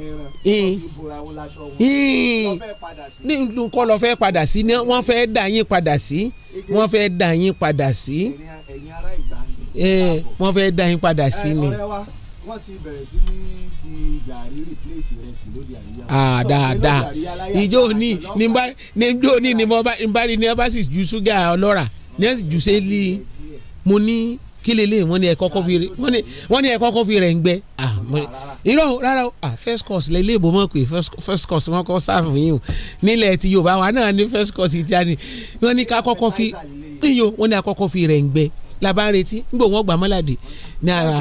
ẹran wọn fi bora wọn láṣọ wọn ní nǹkan lọ fẹ́ padà sí ni wọ́n fẹ́ dà yín padà sí wọ́n fẹ́ dà yín padà sí. ẹ̀yin ará ìgbà mi. wọ́n fẹ́ dà yín padà sí ni. ọ̀rẹ́ wa wọ́n ti bẹ̀rẹ̀ sí ní fi gàrí replace ìrẹsì lóde àríyá. àà ah, dáadáa ìjọ òní ní bá níjọ òní ní mo bá bá rí ní ọba sì ju ṣúgà ọlọ́ra ní ọ̀sì jù sí lé mo ní kí lélẹ̀ wọ́n ní ẹ kọ́kọ́ fi wọ́n ní ẹ kọ́kọ́ fi rẹ̀ ń gbẹ. Ah, irọ́ rárá o ah, first course lẹ́lẹ́ ìbò mọ̀ pé first course wọn kọ́ sáàfù yìí o nílẹ̀ ti Yorùbá wa náà ní first course ìjà ni wọ́n ní ká kọ́kọ́ fi iyo wọ́n ní akọ́kọ́ fi rẹ̀ ń gbẹ làbá retí nígbà wọn gbà ní ara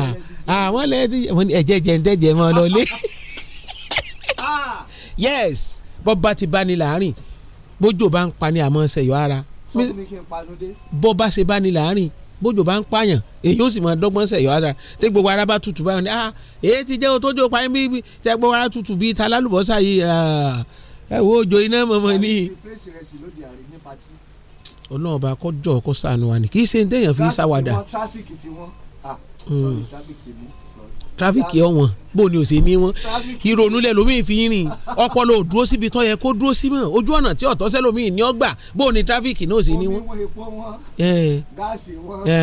àwọn ah, lẹ́yìn tí mo ní ẹ̀jẹ̀ jẹ́ ń tẹ̀jẹ̀ mọ́ lọ lé yes bọ́ bá ti bá ní láàrin bójò bá ń pa ni àmọ́ ṣẹ̀yọ́ ara bọ́ bá ṣe bá ní láàrin bójò bá ń pààyàn èyí ó sì máa dọ́gbọ́n sẹ̀yọ́ ara tí gbogbo ara bá tutù báyọ̀ ni ah èyí ti jẹ́ o tó jẹ́ o pa yín bí tẹ́ gbogbo ara tutù bíi ta lálùbọ́sà yìí ah, ẹ wo ojo iná mọ̀mọ́ ni. ọlọ́run bá kọ́ sànù wa ni kì í ṣe ní téèyàn fi ń sáwàdà. tráfíkì tiwọn tírafíkì ọ̀wọ́n bó ni ò ṣe ní wọn ìrònú lẹ lómìn fi ń rìn ọpọlọ ò dúró síbi tó yẹ kó dúró sí mọ́ ojú ọ̀nà tí ọ̀tọ́ sẹ́lómìn ní ọgbà bó ni tírafíkì náà ò ṣe ní wọn. omi wọn epo wọn gáàsì wọn gàrí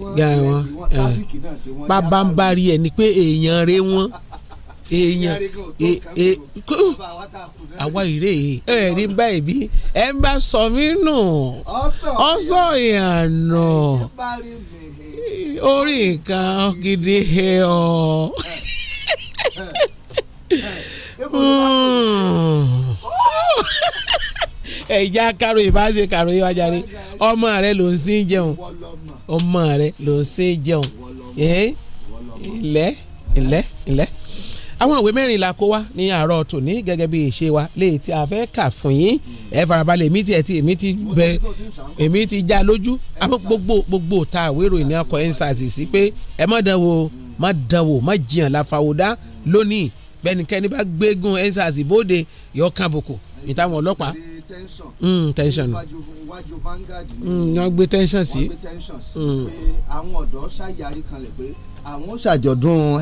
wọn ìrẹsì wọn tírafíkì náà ti wọn. bàbá ń bari ẹni pé èèyàn rẹ wọn èèyàn e, e, àwa ìrè ẹ rí báyìí bí ẹ bá sọ mí nù ọsọ ìyànà orí nǹkan gidi he ọ. ẹ̀já karo ìbáṣe karo yìí wájà rí ọmọ rẹ ló ń sin jẹun ọmọ rẹ ló ń sin jẹun ilẹ̀ ilẹ̀ ilẹ̀ àwọn ìwé mẹ́rin la kó wá ní àárọ̀ tòní gẹ́gẹ́ bí ìṣe wa léè tí a fẹ́ kà fún yín ẹ farabalẹ̀ èmi ti ẹ̀tì èmi ti bẹ èmi ti já lójú àmọ́ gbogbo gbogbo ta àwérò ìní ọkọ̀ ẹ̀ńsàsì sí pé ẹ má dánwò má dánwò má jiyàn láfàwọ́dá lónìí bẹ́nikẹ́ni bá gbégun ẹ̀ńsàsì bóde yọ kábùkù ìtàwọn ọlọ́pàá hmm, tẹ́ńsọ̀n hmm, wọ́n gbé tẹ́ńsọ̀n sí. Hmm. àwọn ọ̀dọ́ ṣàyàrí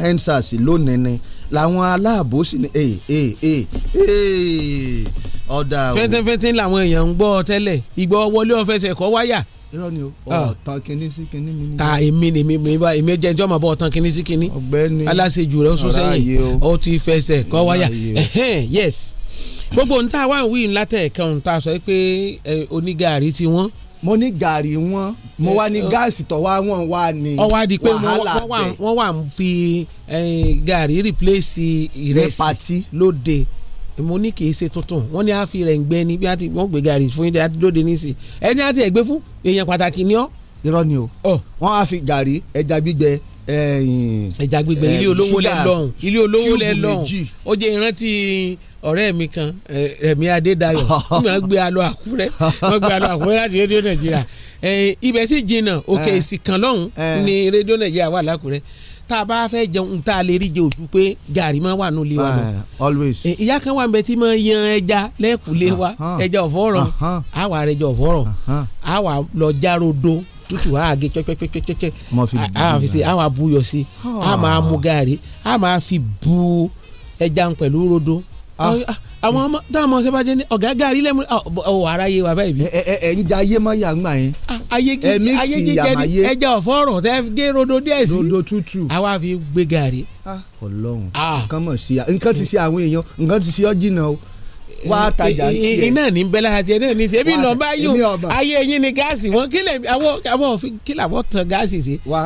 ẹ̀ńsàsì lónìí ni làwọn aláàbò sì ní ee eh, ee eh, ee eh, ee ọ̀dà o. fẹ́ntẹ́fẹ́ntẹ́ làwọn èèyàn ń gbọ́ tẹ́lẹ̀ ìgbọ́ wọlé ọ̀fẹ́sẹ̀ kọ́ wáyà. irọ́ ni o ah. ọ̀tàn kínní sí kínní mi. ta èmi ni mi mi bá èmi jẹ́ ẹjọ́ máa bọ̀ ọ̀tàn kínní sí kínní. ọ̀gbẹ́ni aláṣejù rẹ̀ sún sẹ́yìn ó ti fẹsẹ̀ kọ́ wáyà yes gbogbo nta wà ń wí ńlá tẹ̀ kẹun ta sọ pé onígàárí ti wọ́n mo ní gàrí wọn mo wá ní uh, gáàsì tó wá wọn wá ní wàhálà bẹ́ẹ̀. ọwọ́ adi pé wọ́n wà ń fi gàrí replace ìrẹsì lóde mo ní kì í ṣe tuntun wọ́n ní àfi rẹ̀ ń gbẹ́ ni bí wọ́n gbé gàrí fún yín lóde nísì ẹni àti ẹ̀gbẹ́ fún èèyàn pàtàkì ni ọ́. irọ́ ni o wọ́n á fi gàrí ẹja gbígbẹ ẹja gbígbẹ ilé olówó lẹ lọ́hùn ilé olówó lẹ lọ́hùn ó jẹ́ ìrántí ọ̀rẹ́ mi kan Rẹ̀mí Adédayọ̀ wọ́n gbé alọ Àkúrẹ́ wọ́n gbé alọ Àkúrẹ́ láti rédíò Nàìjíríà ibẹ̀ sì jìnnà òkè èsì kan lọ́hùn ni rédíò Nàìjíríà wà lákùrẹ́ tá a bá fẹ́ jẹun tá a lè rí jẹ ojú pé gàrí máa wà nù lé wa lọ. always. ìyá kan wà níbẹ̀ tí máa yan ẹja lẹ́kùlé wa ẹja ọ̀fọ́rọ̀ àwa rẹ̀ jẹ ọ̀fọ́rọ̀ àwa lọ járodo tútù a gé pẹ́pẹ́pẹ́pẹ́pẹ́ àwa fi se àwa buyọ̀ sí a máa mu gàrí a máa fi bu ẹja pẹ̀lú rodo Ah. Ah, àwọn ọmọ táwọn ọmọ ṣe bá jẹ ní ọ̀gá gàrí lẹ́mu ọ̀wọ̀ ah, ara yé wa báyìí. ẹ ẹ ẹ ń jẹ ayé má yà ń gbà yẹn. ayé kí ayé kí jẹ ẹja ọ̀fọ́ ọ̀rọ̀ tẹ gé rodo díẹ̀ sí. rodo tútù. àwa fi gbé gàrí. Ọlọ́run nǹkan mọ̀ sí nǹkan ti ṣe àwọn èèyàn nǹkan ti ṣe ọ́ jìnnà o wá eh, tajà ní eh, tiẹ̀. iná ní bẹ́lá àti ẹ̀dẹ́ ní ṣe bí nọ́mbà yóò ayé yín ni gáàsì wọn kí lè àwọn kí làwọn tan gáàsì sí. wa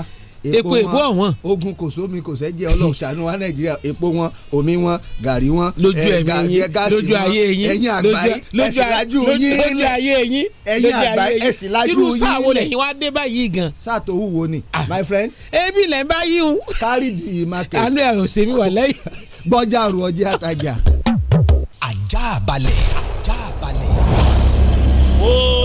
epo epo ọ̀wọ́n ogun kò sómi kò sẹ́jẹ́ ọlọ́run ṣàánú wa nàìjíríà epo wọn omi wọn gàrí wọn lójú eh, ẹ̀mí yín lójú ayé yín ẹ̀yin àgbáyé ẹ̀sìn lajú yín lójú ayé yín ẹ̀yin àgbáyé ẹ̀sìn lajú yín irú sáà wo lẹ́yìn wá dé báyìí gan. sáà wù wo ni ah. my friend. ebi lẹ́ ń bá yí o. carry the market. àánú ẹ̀ ò sèmi wà lẹ́yìn. bọ́jà àrùn ọjà àtajà. ajá balẹ̀ ajá balẹ̀. ooo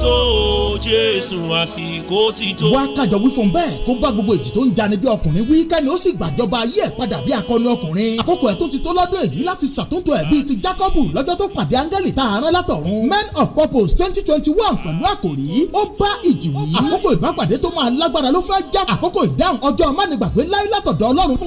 tó jésù àsìkò ti tó. wá kájọ wí fún bẹ́ẹ̀ kó bá gbogbo èjì tó ń jani bí ọkùnrin wí kẹ́ni ó sì gbàjọba ayé ẹ̀ padà bí akọni ọkùnrin. àkókò ẹ̀ tó ti tó lọ́dún èyí láti ṣàtúntò ẹ̀ bíi ti jákọ́bù lọ́jọ́ tó pàdé áńgẹ́lì tá a rán látọ̀run. men of purpose twenty twenty one pẹ̀lú àkòrí ó bá ìjì wí. àkókò ìbápàdé tó máa lágbára ló fẹ́ já. àkókò ìdáhùn ọjọ́ amánigbàgbé láyé látọ̀dọ̀ ọlọ́run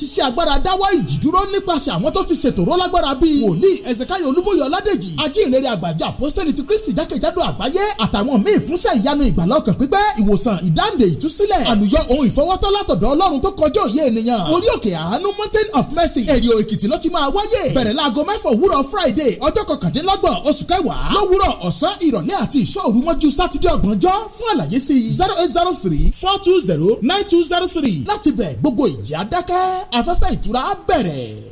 ṣiṣẹ́ agbára dáwọ́ ìjì dúró nípasẹ̀ àwọn tó ti ṣètò ró bíi wòlíì ẹ̀sẹ̀káyọ̀ olúbóyè ọ̀ládèjì ajínrere àgbàjọ àpọ́sítẹ́lì ti kristi jákèjádò àgbáyé àtàwọn míì fúnṣẹ́ ìyanu ìgbàlá pípẹ́ ìwòsàn ìdáǹdè ìtúsílẹ̀ àlùyọ ohun ìfọwọ́tọ́ látọ̀dọ̀ ọlọ́run tó kọjá òye ènìyàn orí òkè àánú mountain of mercy èrè èkìtì ló ti máa wáyé bẹ̀rẹ̀ láago mẹ́fà òwúrọ̀ friday ọjọ́ kọkàndínlọ́gbọ̀n oṣù kẹwàá lówùrọ̀ ọ̀sán ìrọ̀lẹ́ àti ìṣọ́òru mọ́jú sátidé ọgbọ̀njọ́ fún àlàyé sí zero eight zero three four two zero nine two zero three láti bẹ̀ gbogbo ìjì adákẹ́ afẹ́fẹ́ ìtura á bẹ̀rẹ̀.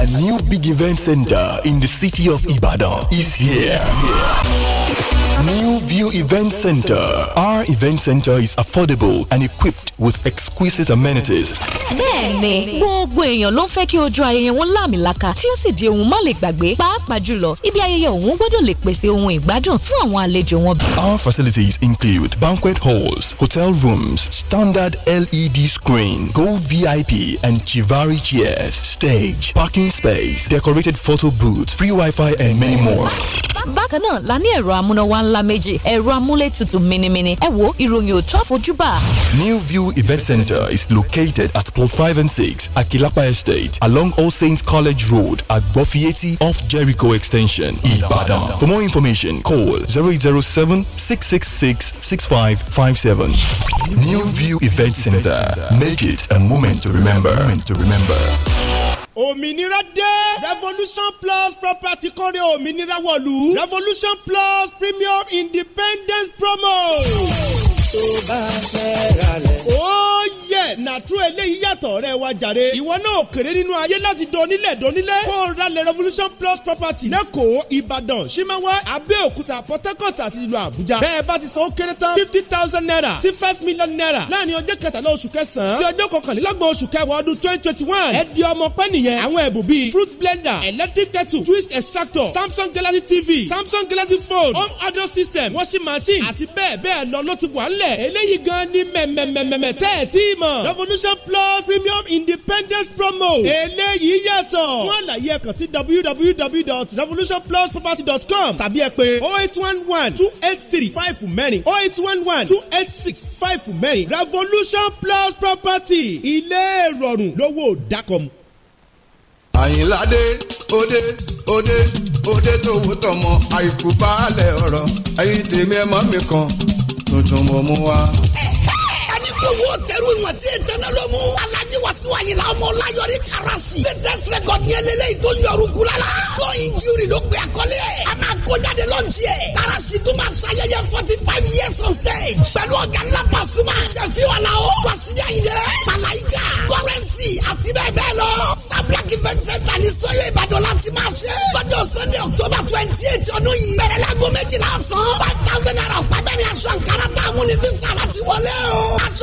A new big event center in the city of Ibadan is here. Is here. New View Event Center. Our event center is affordable and equipped with exquisite amenities. Bẹ́ẹ̀ni, gbogbo èèyàn ló ń fẹ́ kí ojú ayẹyẹ wọn lámìlaka tí ó sì di ohun má lè gbàgbé pàápàá jùlọ ibi ayẹyẹ òun gbọ́dọ̀ lè pèsè ohun ìgbádùn fún àwọn àlejò wọn. Our facilities include banquet halls, hotel rooms, standard LED screen, gold VIP and Chivari chairs, stage, parking space, decorated photo booth, free Wi-Fi and many more. Bákan náà, la ní ẹ̀rọ amúnáwá ńláńlá méjì ẹ̀rọ amúlétutù minimini ẹ wo ìròyìn òtún àfojúbà. New View Event Center is located at plot five and six Akilapa Estate along All Saints College Road at Gbofieti off Jericho Extension, Ibadan. For more information, call 0807 New View Event Center. Make it a moment to remember. Moment to remember. òmìnira dé revolution plus property kọ́rẹ́ òmìnira wọ̀lú revolution plus premium independence promo. tó bá fẹ́ ra lẹ̀ látọ̀rẹ́ wa jàre. ìwọ náà kéré nínú ayé láti dọ̀nílẹ̀ dọ̀nílẹ̀. kó o ra lẹ̀ revolution plus property lẹ́kọ̀ọ́ ìbàdàn ṣímẹ́wá abẹ́òkúta port harcourt àti ìlú àbújá. bẹ́ẹ̀ bá ti sanwó kéré tán fifty thousand naira sí five million naira láàrin ọjọ́ kẹtàlá oṣù kẹsàn-án sí ọjọ́ kọkànlélọ́gbọ̀n oṣù kẹwàá ọdún twenty twenty one. ẹ di ọmọ pẹ́ nìyẹn àwọn ẹ̀bùn bíi fruit blender electric kettle twist extractor samsung galaxy tv samsung galaxy phone home audio system washing machine àti bẹ́ẹ̀ bẹ́ẹ̀ lọ ló ti wà ń lẹ̀ eléyìí gan ni mẹ́mẹ́mẹ́mẹ́ tẹ́ ẹ̀ tí ì mọ̀ revolution plus premium independence promo. eléyìí yàtọ̀. fún àlàyé ẹ kàn sí www.revolutionplusproperty.com tàbí ẹ pè oh eight one one two eight three five fún mẹ́rin oh eight one one two eight six five fún mẹ́rin revolution plus property ilé ìrọ̀rùn lówó dákọ̀mù. àyìnládé òde òde òde tó wò tọmọ àìkú baálẹ̀ ọ̀rọ̀ ẹ̀yin tèmi ẹ̀ mọ́ mi kan tuntun mo mú wá. ẹ̀ka kówó tẹ̀rù ìwọ̀n tí ì tẹ́lẹ̀ ló mú. alájí wàsíù àyìnlá ọmọ ọláyọrí karasi. latest record ní eléyìí tó yọrù kú la la. lọ́yìn jírí ló pe àkọlé. a máa kójáde lọ́ọ̀jì ẹ̀. karasi tún máa ṣayẹyẹ forty five years on stage. pẹ̀lú ọ̀gá ńlá Pasuma. sẹ̀fíwọ̀n la ó. wàsíù àyìnlá. malayika. kọ́rẹ́nsì àti bẹ́ẹ̀ bẹ́ẹ̀ lọ. sablak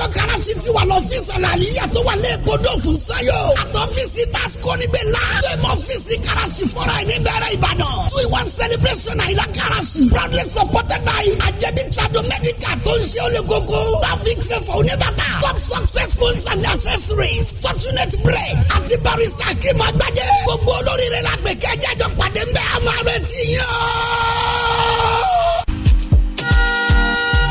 Aláṣọ garasi ti wà lọ́fíìsì àlàyé tó wà lẹ́ẹ̀kọ́dọ̀ fún Sayo. Àtọ́fíìsì Tasco níbẹ̀ la. Sèmọ́ ọ́fíìsì garasi fọ́ra ẹ̀ níbẹ̀rẹ̀ Ìbàdàn. Two in one celebration àyílá garasi. Proudly supported by Ajẹbi Trado Medical tó ń ṣe olè Traffic fẹ́fọ̀ oníbàtà. Top success phones and accessories. Fortunate bread. Àti barista Akim Agbájẹ́. Gbogbo olóríire la gbẹ̀kẹ́jẹ́ jọ pàdé ń bẹ̀ àmọ́ àrẹ ti yàn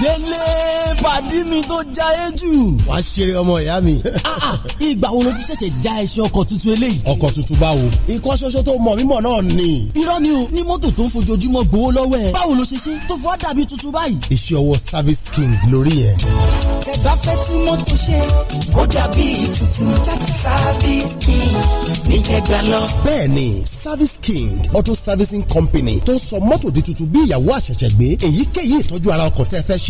délé pàdí mi tó já e jù. wà á ṣeré ọmọ ìyá mi. Ah, ah, ìgbà wo ló ti ṣẹ̀ṣẹ̀ já ẹṣin ọkọ̀ tuntun eléyìí. ọkọ̀ tuntun báwo. ikọ́ ṣoṣo tó mọ̀ mímọ̀ náà ni. irọ́ ni o ní mọ́tò tó ń fojoojúmọ́ gbowó lọ́wọ́ ẹ̀. báwo ló ṣe ṣe tó fọ́ dàbí tuntun báyìí. iṣẹ́ ọwọ́ service king lórí yẹn. tẹ bá fẹ́ sí mọ́tò ṣe kó dàbí tuntun jáde service king ní kẹgbẹ́ lọ. bẹ́ẹ̀ni service king auto servicing company tó ń sọ mọ́tò di tuntun bí ìyàwó àṣẹ̀ṣẹ̀ gbé èyíkéyìí ìtọ́jú ara ọkọ̀ tẹ́ fẹ́ ṣe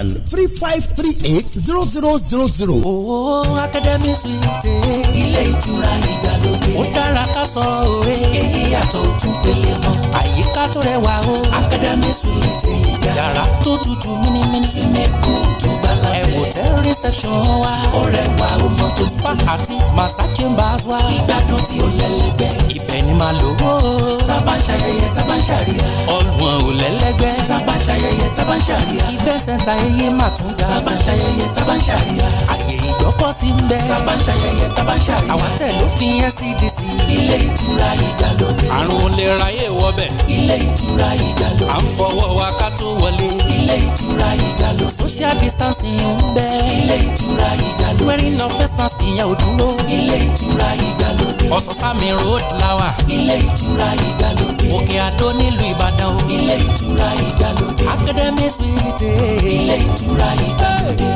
one three five three eight zero zero zero zero. owó akademi suwite ilé ìtura ìgbàlódé ó dára ká sọ òwe èyí yàtọ̀ ojú pele mọ́ àyíká tó rẹwà o akademi suwite ìgbà yàrá tó tutù mímímí sinimu tó gbala fẹ́ ẹ̀wòtẹ́ reception wa ọ̀rẹ́ wa ó mọ tó ti tó àti massa chambers wa ìgbádùn tí ó lẹ́lẹ́gbẹ́ ibẹ̀ ni màá lò ó. tábà ń ṣayẹyẹ tábà ń ṣàríyá ọ̀gbun ò lẹ́lẹ́gbẹ́ tábà ń ṣayẹyẹ tábà ń ṣàríyá ìfẹsẹ̀ta ẹ̀ ayé mà tún ga. tábà ń ṣayẹyẹ tábà ń ṣàríyá. àyè ìgbọ́pọ̀ sí ń bẹ. tábà ń ṣayẹyẹ tábà ń ṣàríyá. àwọn tẹ̀ ló fi NCDC. E ilé ìtura ìgbàlódé. àrùn lè ráyè wọbẹ̀. ilé ìtura ìgbàlódé. à ń fọwọ́ wa ká tó wọlé. ilé ìtura ìgbàlódé. social distancing ń bẹ. ilé ìtura ìgbàlódé. wearing of face mask ìyẹn ò dúró. ilé ìtura ìgbàlódé. ọ̀sán-sámi road lawa. ilé ìtura ìgbàlódé òkè àdó nílùú ìbàdàn o. ilé ìtura ìdàlódé. academy suite. ilé ìtura ìdàlódé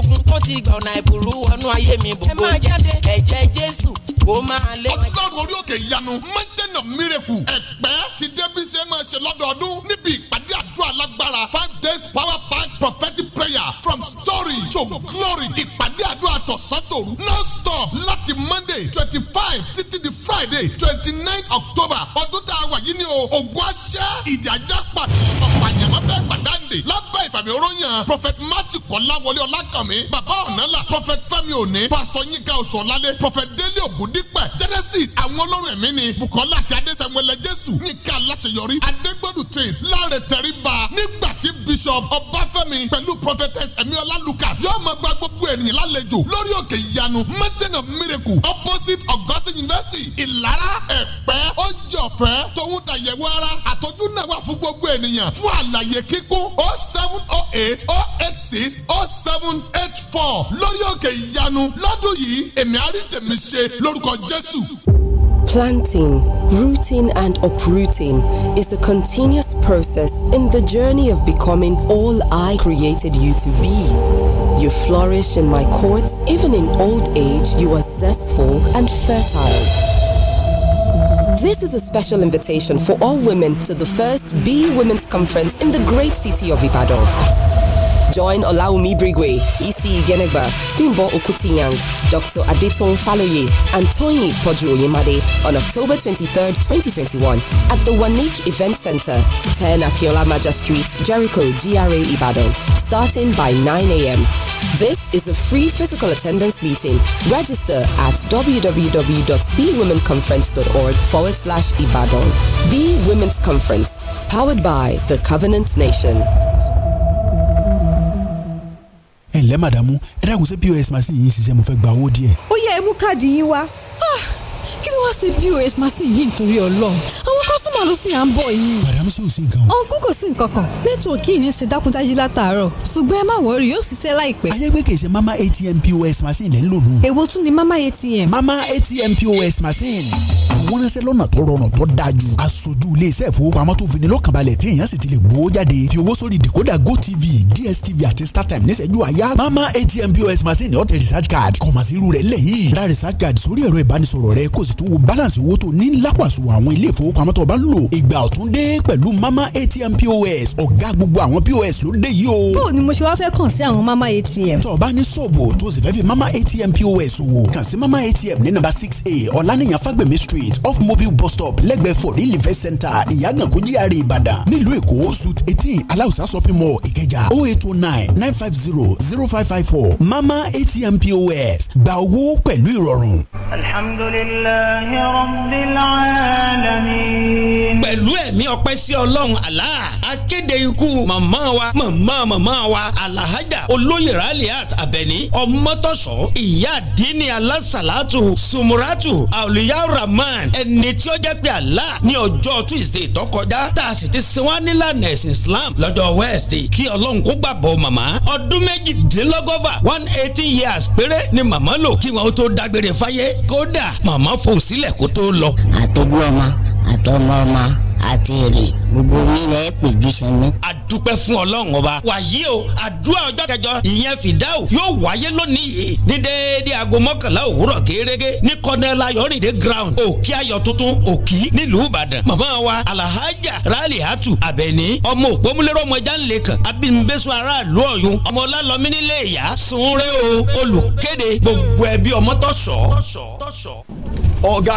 ogun tó ti gbà ọ̀nà ìbùrú wọnú ayé mi bò jẹ́ ẹ̀jẹ̀ Jésù kó máa lé. ọlọ́run orí òkè ìyanu mountain of ẹ̀pẹ́ ti débi ṣe máa ṣe lọ́dọọdún níbi ìpàdé àdúrà lágbára five days power packed prophetic prayer from story to glory ìpàdé àdúrà tọ̀sán-tòru non stop láti monday twenty five títí di friday twenty nine october ọdún tá a wà yìí ni o ògùn aṣẹ́ ìdíjà pàṣẹ ọ̀pọ̀ àyàmọ́fẹ́ gbàdáǹdè lábẹ́ ìfàmì oróyàn prophet matthew kọ́láwọlé ọlákànmí Olúbùnmi bàbá ọ̀nàlà prophet Fẹ́mi Òní pastor Yinka Ọ̀sọ̀lálé prophet Délé Ògúndípẹ̀ Genesis àwọn olórin ẹ̀mí ni Bùkọ́lá àti Adésẹ̀wẹ̀lẹ̀ Jésù Yinka Aláṣeyọrí Adégbòdù Tins Láre Tẹ̀ríba nígbà tí Bishop Ọbáfẹ́mi pẹ̀lú prophetess Ẹ̀míọ́lá Lukas, yóò máa gba gbogbo ènìyàn lálejò lórí òkè ìyanu Mountain of Miracle opposite Augustine University Ìlara Ẹ̀pẹ́ ó jẹ́ ọ̀fẹ́ tòun tàyẹ̀wò ara àtọ́jú náà wà fún gbogbo ènìyàn fún àlàyé kíkún oh seven oh eight oh eight six oh seven eight four lórí òkè ìyanu lọ́dún yìí èmi tèmi ṣe lórúkọ Jésù. Planting, rooting, and uprooting is a continuous process in the journey of becoming all I created you to be. You flourish in my courts, even in old age, you are zestful and fertile. This is a special invitation for all women to the first Be Women's Conference in the great city of Ibadan. Join Olaumi Brigwe, EC Genegba, Bimbo Okutinyang, Dr. Adeton Faloye, and Tony Podro Yemade on October twenty third, 2021 at the Wanik Event Center, 10 Akiola Maja Street, Jericho, GRA, Ibadan, starting by 9 a.m. This is a free physical attendance meeting. Register at www.bewomenconference.org forward slash Ibadan. Be Women's Conference, powered by the Covenant Nation. ẹ ǹlẹ́ màdàmú ẹ dákun ṣé pos machine yìí ń ṣiṣẹ́ mo fẹ́ gba owó díẹ̀. ó yẹ ẹ mú káàdì yín wá ah, kí ló wá ṣe pos machine yìí nítorí Ọlọ́run àwọn náà ló sì à ń bọ̀ yìí. madam sì ò sí nǹkan o. ọ̀nkú kò sí nǹkan kan nẹ́tíwọ̀kì yìí ń ṣe dákúndájí látàárọ̀ ṣùgbọ́n ẹ má wọrí yóò ṣiṣẹ́ láìpẹ́. ayégbé kì mama atm pos machine lẹ́ ń lò nù. èwo tún ni mama atm. mama atm pos machine. wọ́n ránṣẹ́ lọ́nà tó rọrùn tó dájú. aṣojú iléeṣẹ́ ìfowópamọ́ tó fini lọ́kànbalẹ̀ téèyàn sì ti lè gbowó jáde fi owó sórí decoder gotv dstv àti startime níṣẹ́jú àyà. mama atm pos machine ọ̀tẹ̀ research card kọ̀mọ̀síru rẹ̀ lẹ́yìn. ra research card sórí ẹ̀rọ ìbánisọ̀rọ̀ rẹ kó o sì tún wo balance owó tó ní lápàṣọ àwọn ilé ìfowópamọ́ tó bá ń lò ìgbà ọ̀tun dé pẹ̀lú mama atm pos ọ̀gá gbogbo àwọn pos ló dé yìí o. bó o ni mo ṣe wá fẹ́ kàn sí àwọn mama atm. tó o bá ní ṣòwò tó sì fẹ́ fi mama atm pos wò kàn sí mama atm ní nàmbà six a ọ̀lànìyàn fagbemi street off mobile bus stop lẹ́gbẹ̀ẹ́ for real event center ìyàgànkó GRA e ìbàdàn nílùú èkó suit eighteen aláùsá shopping mall ìkẹjà o eight o mama atm pos gba owó pẹ̀lú ìrọ̀rùn. alhamdulilayi rabbil alamin pẹ̀lú ẹ̀mí ọpẹ́ sí ọlọ́run Allah akéde ikú màmá wa màmá màmá wa alahaja olóyè raliat abẹni ọmọtọ̀sọ ìyá àdínní alásàlátù sumuratu àlùyá rahman ẹni tí ó jẹ́ pé Allah ní ọjọ́ tuesday tó kọjá tá a sì ti sin wá nílànà ẹ̀sìn islam lọ́jọ́ wednesday kí ọlọ́run kó gbàgbọ́ màmá ọdún méjìdínlọ́gọ́fà one eighteen years péré ni màmá lò kí wọn ó tó dágbére fáyé kódà màmá fò sílẹ̀ kó tó lọ. àtọ́gbọ́n ọmọ a tu mamá. àti èrè gbogbo yín lẹ́ pèjú a dúpẹ́ fún ọlọ́run ọba wàyí o àdúrà ọjọ́ kẹjọ ìyẹn fìdáù yóò wáyé lónìí yìí ní déédéé aago mọ́kànlá òwúrọ̀ gẹ́gẹ́ ní kọ́nẹ́lá yọ̀rìndé ground òkè ayọ̀ tuntun òkì nílùú ìbàdàn màmá wa alahaja rali hatu abẹni ọmọ òpómúlérò ọmọ ẹja ńlẹ kan abínibẹ́sọ aráàlú ọ̀yún ọmọ ọlálọ́mí nílé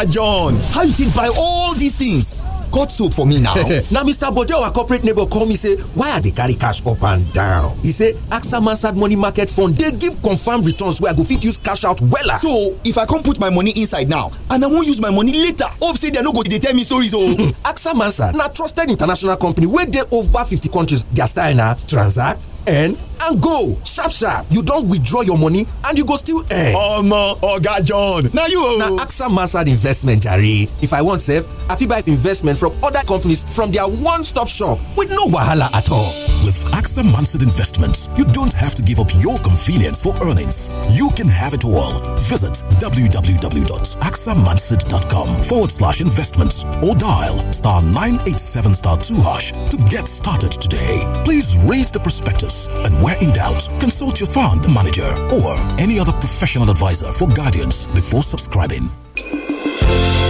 John how you take buy all these things cut soap for me now. Now, mr bojo our corporate neighbor call me say why are they carry cash up and down. He say axa mansard money market fund They give confirmed returns where i go fit use cash out weller. so if i come put my money inside now and i won't use my money later hope say dem no go dey tell me stories Oh, axa mansard now trusted international company Where they over 50 countries they are style na transact and and go sharp sharp you don't withdraw your money and you go still earn. omo oga john Now you Now axa mansard investment Jari. if i want save i fit buy investment from other companies from their one-stop shop with no wahala at all. with axa mansard investments you don't have to give up your convenience for earnings you can have it all visit www.axamansard.com forward slash investments or dial star 987 star 2 hash to get started today please read the prospectus and where in doubt, consult your fund manager or any other professional advisor for guidance before subscribing.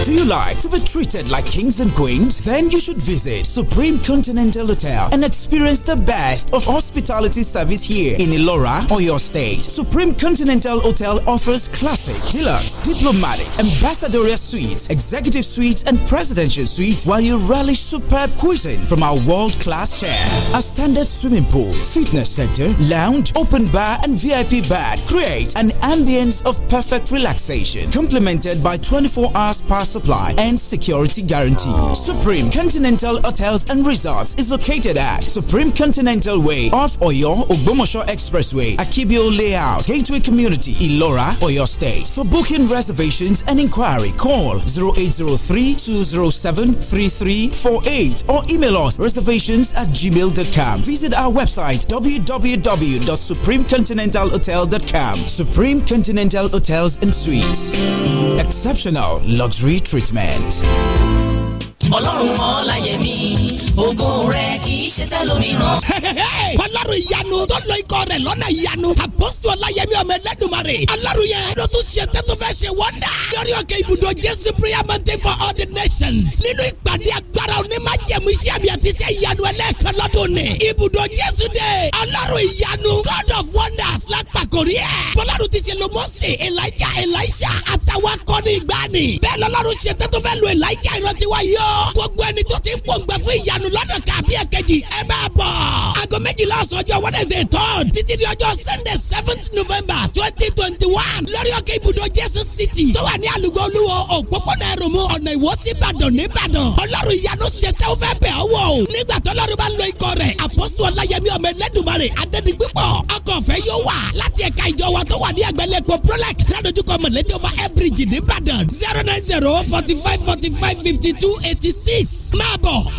Do you like to be treated like kings and queens? Then you should visit Supreme Continental Hotel and experience the best of hospitality service here in Elora or your state. Supreme Continental Hotel offers classic, deluxe, diplomatic, ambassadorial suites, executive suites, and presidential suites while you relish superb cuisine from our world-class chef. A standard swimming pool, fitness center, lounge, open bar, and VIP bar create an ambience of perfect relaxation, complemented by 24 hours spa supply and security guarantee. Supreme Continental Hotels and Resorts is located at Supreme Continental Way off Oyo Ogbomosho Expressway, Akibio Layout, Gateway Community, Ilora, Oyo State. For booking reservations and inquiry, call 0803 207 3348 or email us reservations at gmail.com. Visit our website www.supremecontinentalhotel.com. Supreme Continental Hotels and Suites. Exceptional luxury retreatment. ọlọ́run ọláyẹmí ògo rẹ kì í ṣe tẹlòmíràn. ọlọ́run ìyanu tó lọ ikọ̀ rẹ̀ lọ́nà ìyanu àpọ́sù ọláyẹmí ọmọ ẹlẹ́dùnmarè ọlọ́run yẹn ló tún ṣe tẹ́tù fẹ́ ṣe wọ́ndà. lórí òkè ibùdó jésù prayer mountain for all the nations nínú ìpàdé agbára onímọ̀jẹ̀mú iṣẹ́ àmì àti iṣẹ́ ìyanu ẹlẹ́ẹ̀kan lọ́dún ni ibùdó jésù dé ọlọ́run ìyanu god of wonders lápàkórí ẹ̀. bọ́lárù ti ṣe lo mọ́sì elijah Elijah, àtàwọn akọni ìgbani bẹ́ẹ̀ lọ́lọ́run ṣe tẹ́tù fẹ́ lo elijah ìrántí wa yóò lọ. gbogbo ẹni tó ti ń pòǹgbẹ fún ìyanu lọ́dọ̀ kàbí ẹ̀kẹ́jì ẹ máa bọ̀. aago méjìlá ọ̀sán ọjọ́ wednesday third títí di ọjọ́ sunday seventh november twenty twenty one lórí ọkẹ́ ibùdó jésù city tó wà ní àlùgbò olúwo òpópónà ẹ̀rùmú ọ̀nà ìwó sí ìbàdàn nìbàdàn ọlọ́run ìyanu ṣe tẹ́ ó fẹ́ bẹ̀ ọ́ wò. nígbà tó lọ́run bá lo ikọ̀ rẹ̀ àpọ́sù ọláyẹmí ọmọ ẹlẹ́dùnmarè adẹ́nigbípọ̀ ọkọ̀ ọ̀fẹ́ yóò wà láti ẹ̀ka ìjọ wa tó wà ní àgbẹ̀lẹ̀pọ̀ prolac ládojúkọ mọ̀lẹ́tì over air bridge nìbàdàn zero nine zero forty five forty five fifty two six máa bọ̀